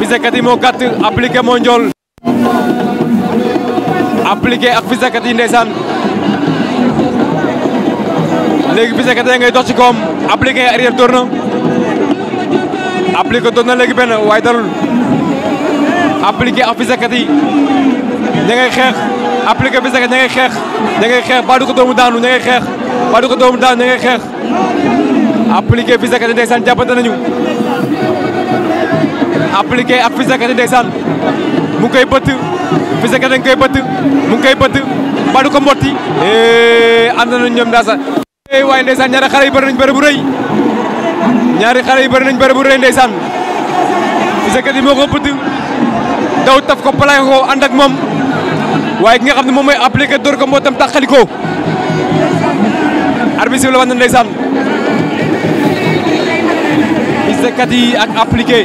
fisakat yi moo gàtt appliqué moo njool ak fisakat yi ndeysaan léegi fisakat yi ngay dox ci koom appliqué arrière tourna appliqué doon na léegi ak fisakat yi xeex appliqué bi sax ña ngay xeex ña ngay xeex baadu ko doomu daanu ña ngay xeex baadu ko doomu daanu ña bi sax ndeysaan jàppante nañu appliqué ak Fils de Katy ndeysaan mu ngi koy bëtt Fils de Katy koy bëtt mu ngi koy bëtt baadu ko mbotti eh, ànd nañu ñoom ndeysaan eh, waaye ndeysaan ñaari xale yi bëri nañu bëri bu rëy ñaari xale yi bëri nañu bëri bu rëy ndeysaan Fils de Katy moo ko bëtt daw taf ko plaqué ko ànd ak moom waaye ki nga xam ne moom mooy appliqué dóor moo tam taxalikoo arbitre bi la wax na ndeysaan bisekat yi ak appliqué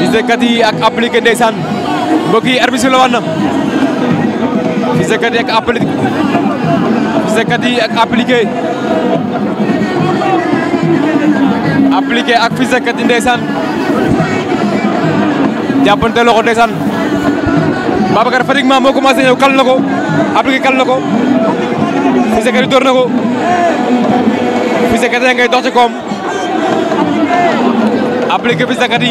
bisekat yi ak appliqué ndeysaan mbokk yi arbitre bi la wax na bisekat yi ak appliqué bisekat ak appliqué appliqué ak fisekat yi ndeysaan jàppante loxo ndeysaan Babacar Fatickman moo commencé ñëw kal na ko appliqué kal na ko Fils de Katy dóor na ko Fils de Katy ngay dox ci koom appliqué Fils de Katy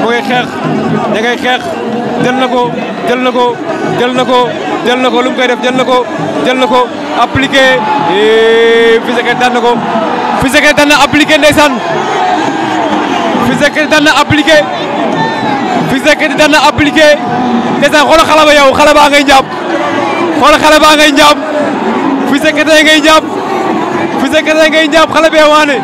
mu ngay xeex da ngay xeex jël na ko jël na ko jël na ko jël na ko lu mu koy def jël na ko jël na ko appliqué Fils de Katy daan na ko Fils de Katy daan na appliqué ndeysaan Fils de Keita daan na appliqué Fils de Keita daan na appliqué ndeysaan xoolal xale ba yow xale baa ngay jàpp xoolal xale baa ngay jàpp ngay jàpp xale bee waane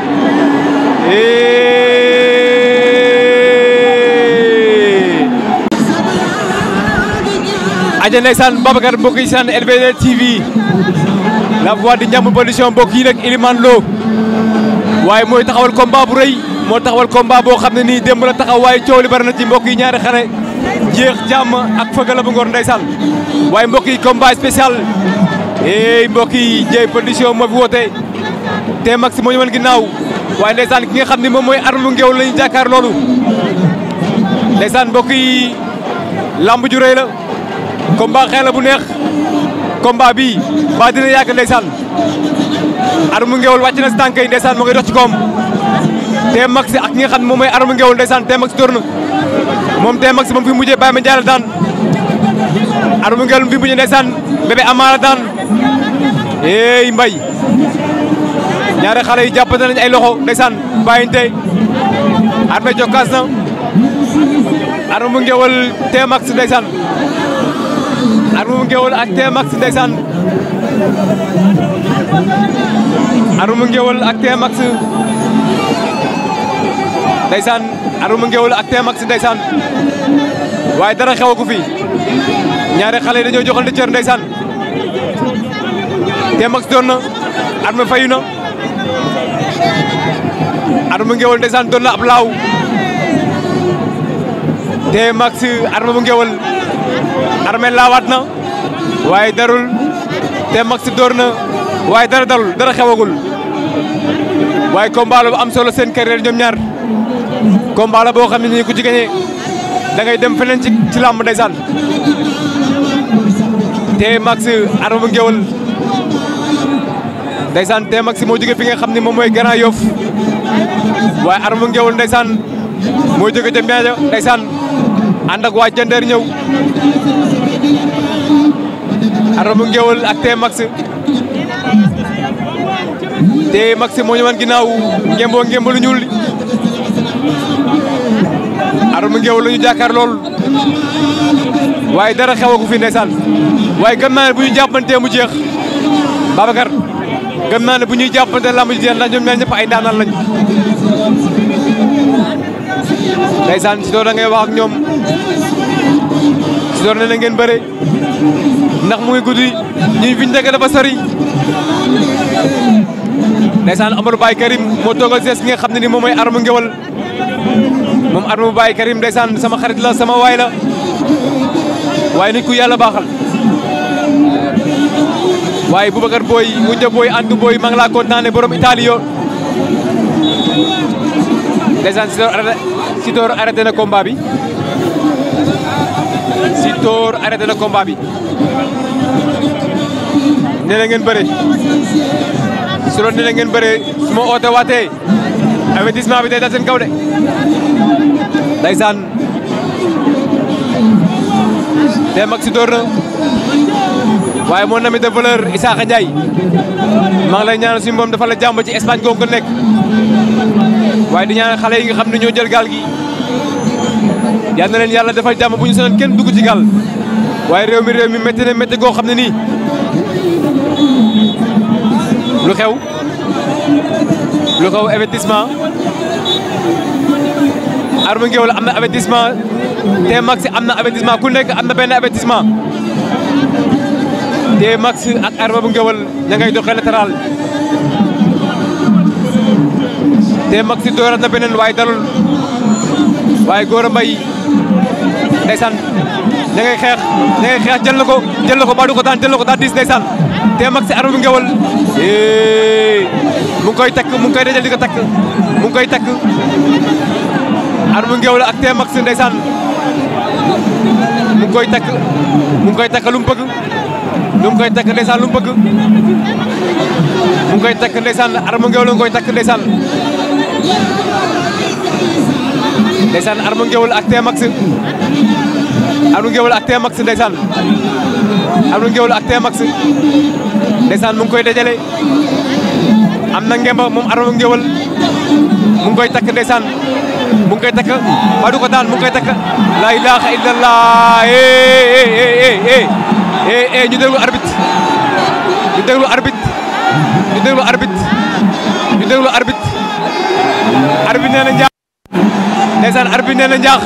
aja ndeysaan Babacar mbokk yi seen LVD la voix di Ndiambour Lo waaye mooy taxawal combat bu mo taxawal combat bo xamni ni demb la taxaw way ciow li bari ci mbok yi ñaari xare jeex jam ak fegal bu ngor ndaysal way mbok yi combat spécial ey mbok yi jey position mo fi te max mo ñu mën ginnaaw way ndaysal ki nga xamni ne moy mooy arlu ngeew la ñu jàkkaar loolu ndeysaan yi lamb ju reey la combat xeex bu neex combat bi ba dina yak ndaysal armu ngeewul wacc na tankay ndaysal mo ngi dox ci kom Tmax ak ki nga xam ne moom mooy arme ngeewul ndeysaan Tmax door na moom Tmax moom fi mujjee Baye Ma Ndiaye la daan arme ngeewul fi mujjee ndeysaan bébé Ama la daan eey mbay ñaari xale yi jàppante nañ ay loxo ndeysaan bàyyinte arme jokkaas na arme ngeewul Tmax ndeysaan arme ngeewul ak Tmax ndeysaan arme ngeewul ak Tmax ndeysaan arma ngeewul ak Tmax ndeysaan waaye dara xewagu fi ñaari xale yi dañoo joxante cër ndeysaan Tmax doon na arma fayu na arma ngeewul ndeysaan doon na ab laaw Tmax arma bu ngeewul arme laawaat na waaye darul Tmax door na waaye dara darul dara xewagul waaye combat bu am solo seen carrière ñoom ñaar combat la boo xam ku ci gagné da ngay dem fenen ci ci lamb ndaysan té max arme bu ngewal ndeysaan te max mo jóge fi nga xamni mom moy Grand yof way arme bu ngewal ndeysaan moo jóge ca Mbeeja ndeysaan ànd ak wajender ñew ñëw arme ngewal ak té max té max mo ñu man ginaaw ngembo ngembalu ñuul arme ngeewal la ñu jàkkaar lool waaye dara xewagu fi ndeysaan waaye gëm naa ne bu ñu jàppantee mu jeex Babacar gëm naa ne bu ñuy jàppante lamb ji jeex ndax ñoom ñaar ñëpp ay daanaan lañ ndeysaan si door ngay wax ak ñoom si door na ngeen bëre ndax mu ngi guddi ñuy fiñ nekk dafa sori ndeysaan Amadou Baye Karim moo toogal sees ki nga ni moom mooy ngeewal moom Armé bu Baye sama xarit la sama waay la waaye nit ku yàlla baaxal waaye Boubacar Boy Wunja Boy Antu Boy maa ngi borom Italie yo ndeysaan Sitor na combat bi Sitor arrêté na combat bi nee ngeen bëre su loolu nee na ngeen bëre su bi day dal kaw de ndeysaan te mag si door na waaye moo nami de valeur Isaaxa Ndiaye maa ngi lay la suñu moom dafa la jàmb ci Espagne googu nekk waaye di ñaanal xale yi nga xam ne ñoo jël gaal gi yal na leen yàlla dafa jàmm bu ñu sonoon kenn dugg ci gaal waaye réew mi réew mi métti na métti goo xam ne nii lu xew lu xew avertissement Armou Ngéwél am na avertissement T Max am na avertissement ku nekk am na benn avertissement T Max ak Armou Ngéwél ña ngay doxee latéral T Max doorat na beneen waaye dalul waaye Gora Mbaye ndeysaan ña ngay xeex ña ngay xeex jël na ko jël na ko baadu ko daan jël na ko daan diis ndeysaan T Max Armou Ngéwél mu ngi koy takk mu ngi koy dajal di ko takk mu ngi koy takk arme ngéwél ak T-Max ndeysaan mu ngi koy takk mu ngi koy takk lu mu bëgg lu mu koy takk ndeysaan lu mu bëgg mu ngi koy takk ndeysaan arme ngéwél nga koy takk ndeysaan ndeysaan arme ngéwél ak T-Max arme ngéwél ak T-Max ndeysaan arme ngéwél ak T-Max ndeysaan mu ngi koy dajale am na ngemba moom arme ngéwél mu ngi koy takk ndeysaan mu ngi koy takk ba du ko daan mu ngi koy takk la ilaha illallah eh, eh, eh, eh ñu déglu arbitre ñu déglu arbitre ñu déglu arbitre ñu déglu arbitre arbitre nee na njaax ndeysaan arbitre nee na njaax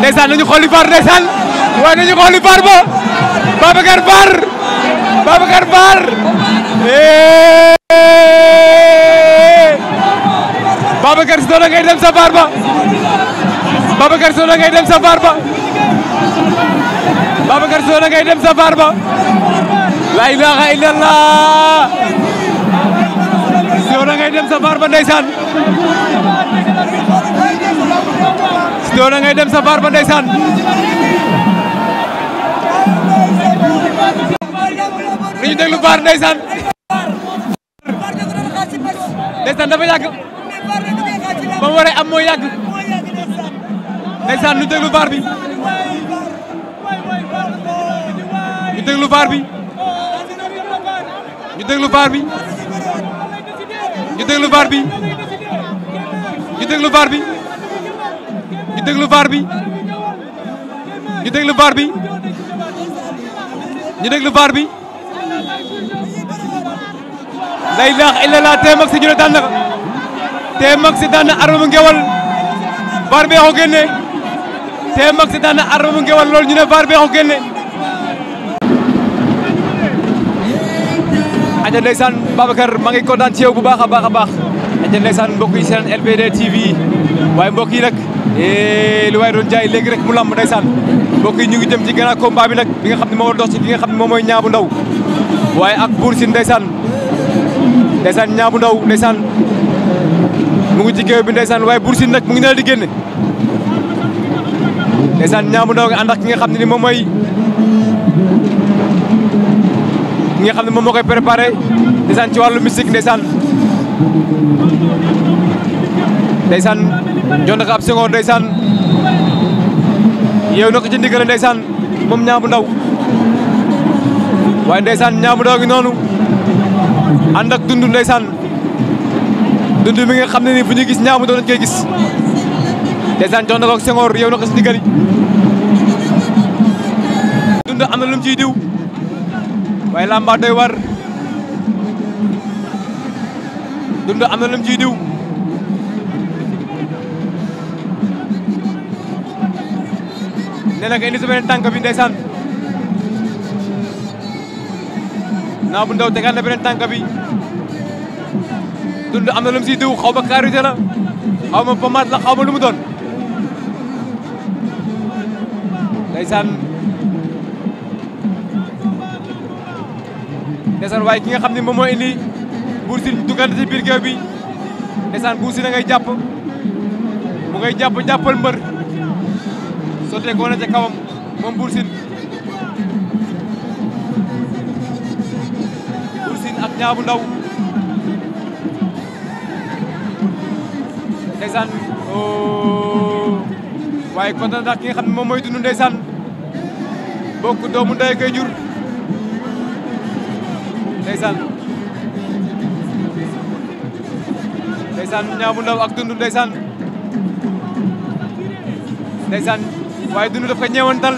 ndeysaan nañu xooli VAR ndeysaan waaye nañu xooli VAR ba Babacar VAR Babacar VAR Babacar Sy doona ngay dem sa ba Babacar Sy doona ngay dem ba Babacar Sy ngay dem ba la ilaha illallah Sy doona ngay dem sa baar ba ndeysaan Sy doona ngay dem sa ba dafa ma waree am moo yàgg ndeysaan ñu déglu VAR bi ñu déglu VAR bi ñu déglu VAR bi ñu déglu VAR bi ñu déglu VAR bi ñu déglu VAR bi ñu déglu VAR bi ñu déglu VAR bi lay laax illa laa ak si ñu ne daan temak sitana daan na ngewal barbe ho genne temak te Maxi daan ngewal lol ñu ne aja ndaysan babakar ma ngi kontaan ci yow bu baakha baakha baax aja ndaysan mbokk yi sen LBD TV waaye mbokk yi e lu way doon jay léegi rek mu lamb ndaysan mbokk yi ñu ngi jëm ci gànnaaw combat bi nak bi nga xamni mo war dox ci bi nga xamni moy ñaabu ndaw ak Bour ndaysan ñaabu ndaw ndaysan mu ngi ci géew bi ndeysaan waaye Bour Sine nag mu ngi ne la di génne ndeysaan ñaamu ndaw nga ki nga xam ne ni moom ki nga xam ne moom moo koy ci wàllu mystique ndeysaan ndeysaan jox na ko ab sengoor ndeysaan yeew na ko ci ndigal ndeysaan moom ñaamu ndaw waaye ndeysaan ñaamu ndaw gi noonu ànd ak dund dundu bi nga xamne ni buñu gis ñaamu doon koy gis desan jonne na ko ak Senghor yow na ko si diggali dund am lu ci ciy diw waaye làmba doy war dundu amna lu ci ciy diw nee na ko indi sa beneen bi ndeysaan na bu ndaw tegaat na benen tank bi dund amna na lu mu siy diw xaw ma karité la xaw ma pomade la xawma ma lu mu doon ndeysaan ndeysaan waaye ki nga xamni ne moom indi Bour sin dugal ci bir geew bi ndaysan Bour sin a ngay jàpp mu ngay japp jappal mbeur sottee ko na ci kawam moom Bour sin Bour sin ak Niang Ndaw ndeysaan oh. waaye kontaan ndax ki nga xam ne moom mooy dund ndeysaan bokk doomu ndey koy jur ndeysaan ndeysaan Niang Ndaw ak dund ndeysaan ndeysaan waaye dund daf ko ñeewantal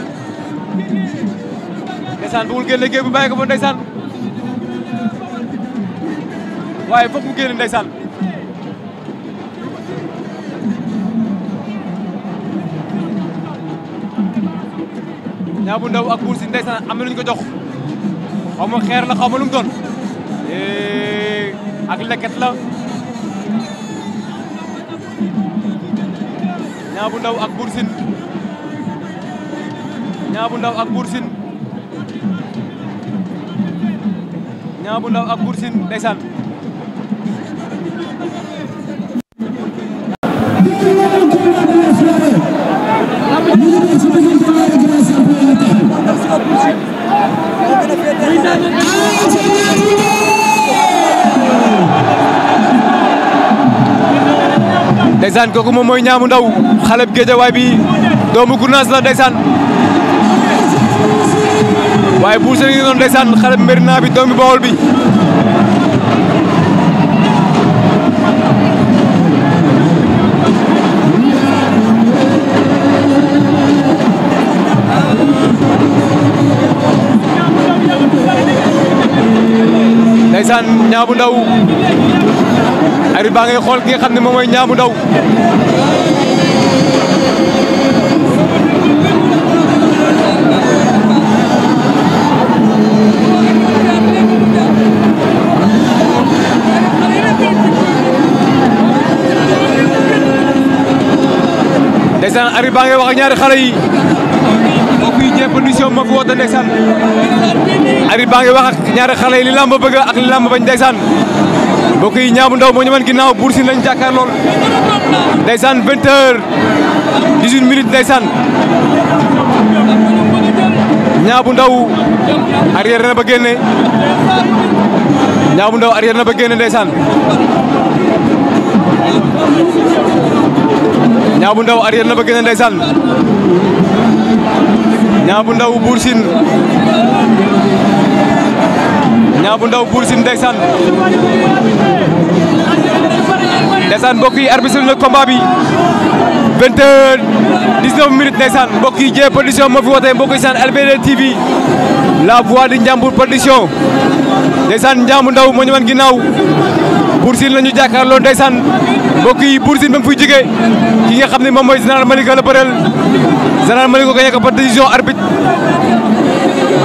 ndeysaan bëggul génn géej bu bàyyi ko ba ndeysaan waaye foog mu génn ndeysaan ñaa bu ndaw ak buur si ndeysaan am na lu ñu ko jox xaw ma xeer la xaw ma lu mu doon eh, ak leket la ñaa bu ndaw ak buur sin bu ndaw ak buur sin bu ndaw ak buur sin ndeysaan kooku moom mooy ñaamu ndaw xale bu géejawaay bi doomu Gounass la ndeysaan waaye bu seen ngi noonu ndeysaan xale bu bi doomu Bawol bi ndeysaan ñaamu ndaw ari ba ngay xol ki xamne momay ñaamu ndaw desan ari ba ngay wax ñaari xale yi mbokk yi jéem production moo fi woote ndeysaan arbitre baa ngay wax ak ñaari xale yi li lamb bëgg ak li lamb bañ desan bokki ñaamu ndaw mo ñu man ginnaaw Bour Sine lañ jàkkaar lool ndeysaan 20h 18 minutes ndeysaan ñaamu ndaw arrière na ba génné ñaamu ndaw arrière na ba génné ndeysaan ñaamu ndaw arrière na ba génné ndeysaan ñaamu ndaw Bour Niang bu ndaw Bour Sine ndeysaan ndeysaan mbokk yi arbitre na combat bi vingt dix-neuf minutes ndeysaan mbokk yi Dieye Production moo fi wootee mbokk yi saan LBD TV la voix di Ndiambour Production ndeysaan Niang ndaw moo ñu ginnaaw Bour Sine la ñu jàkkaarloo ndeysaan mbokk yi Bour Sine ba mu fuy ki nga xam ne moom mooy général Malika la bëreel général Malika ko gañe ko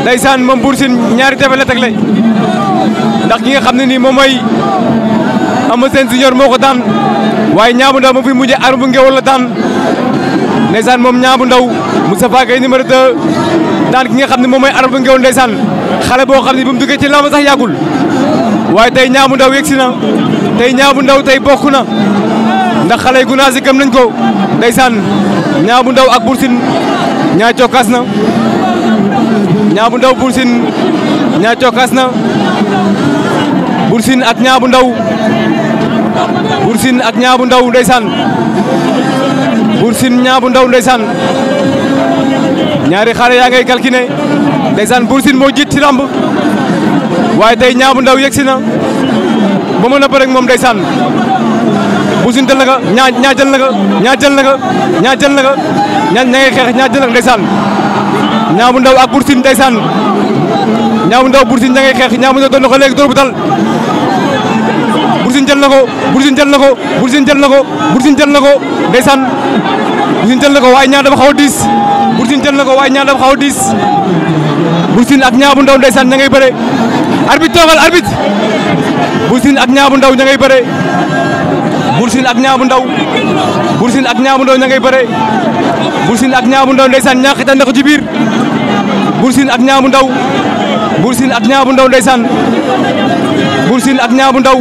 ndeysaan moom Bour Sine ñaari defe la teg lay ndax ki nga xam ne nii moom mooy Eumeu Sène Junior moo ko daan waaye bu ndaw ma fi mujjee arme bu ngeewal la daan ndeysaan moom ñaabu ndaw mu Moustapha Gueye numéro 2 daan ki nga xam ne moom mooy arme bu ngeewal ndeysaan xale boo xam ne bi mu duggee ci làmb sax yàggul waaye tey ñaabu ndaw yegsi na tey bu ndaw tey bokk na ndax xale yu gunaas yi gëm nañ ko ndeysaan ñaabu ndaw ak Bour Sine cokkaas na. ñaa bu ndaw Bour Sine ñaa cokkaas na Bour ak ñaa bu ndaw Bour ak ñaa bu ndaw ndeysaan Bour Sine ñaa bu ndaw ndeysaan ñaari xale yaa ngay kalkine ndeysaan Bour Sine moo jiit ci làmb waaye tey ñaa bu ndaw yegsi na ba mën a bëre moom ndeysaan Bour Sine jël na nga ñaa ñaa jël na nga ñaa jël na nga ñaa jël na nga jël na ndeysaan Niang bu Ndaw ak Bour Sine ndeysaan Niang bu Ndaw Bour Sine da ngay xeex Niang bu Ndaw doon na ko léegi dóor bu dal na ko Bour na ko Bour Sine na ko Bour Sine na ko ndeysaan Bour Sine ko waaye Niang dafa xaw a diis Bour Sine jël ko waaye Niang dafa xaw a diis Bour Sine ak Niang bu Ndaw ndeysaan ña ngay bëre arbitre toogal arbitre Bour ak Niang bu Ndaw ña ngay bëre Bour ak Niang bu Ndaw Bour Sine ak Niang bu Ndaw ña ngay bëre Bour Sine ak Niang bu Ndaw ndeysaan ñaa xitan na ko ci biir Bour ak Niang bu Ndaw Bour Sine ak Niang bu Ndaw ndeysaan san Sine ak Niang bu Ndaw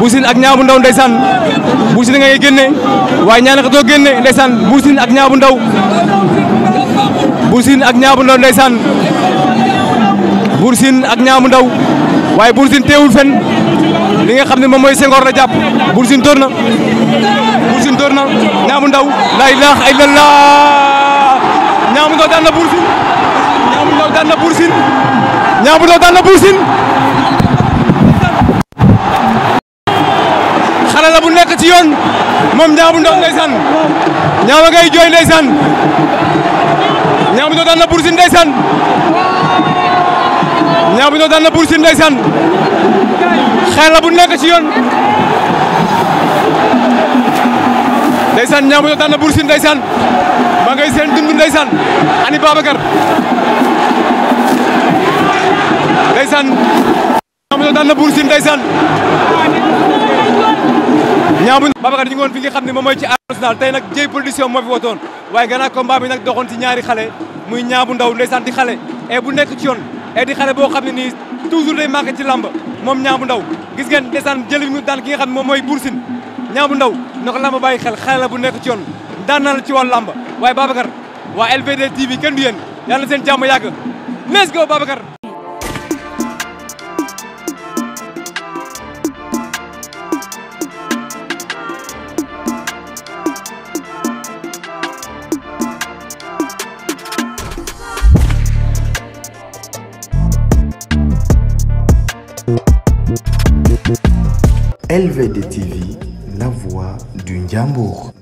Bour ak Niang bu Ndaw ndeysaan Bour Sine nga ngay génne waaye ñaa naka doo génne ndeysaan Bour ak Niang bu Ndaw Bour ak Niang bu Ndaw ndeysaan ak Niang bu Ndaw waaye Bour Sine teewul fen li nga xam ne moom mooy Senghor la jàpp Bour Sine door na Bour Sine door na Niamou Ndaw la ilaha illallah Niamou Ndaw daan na Bour daan na Bour Sine Niamou daan na Bour Sine xale la bu nekk ci yoon moom Niamou Ndaw ndeysaan ñaama ngay jooy ndeysaan Niamou Ndaw daan na Bour Sine ndeysaan Néew bu ñëw daan na Bour Sine ndeysaan xeex bu nekk ci yoon ndeysaan Néew bu ñëw daan na Bour Sine ndeysaan ma ngay seen dund ndeysaan ani Babacar ndeysaan Néew bu ñëw daan na Bour Sine ndeysaan Néew bu ñëw Babacar ñu ngi woon fi nga xam ne moom mooy ci Arène Nationale tey nag Dieye Production moo fi wootoon waaye gannaaw combat bi nag doxoon ci ñaari xale muy Néew bu Ndaw ndeysaan di xale et bu nekk ci yoon et di xale boo xam ne nii toujours day manqué ci làmb moom ñaabu ndaw gis ngeen desaan jël ñu daan ki nga xam ne moom mooy bursin ñaabu ndaw na ko làmb xel xale la bu nekk ci yoon daan na la ci wàllu làmb waaye Babacar waa LVD TV kenn du yéen yàlla na seen jàmm yàgg let's go Babacar LVD TV, la voix du Ndiambour.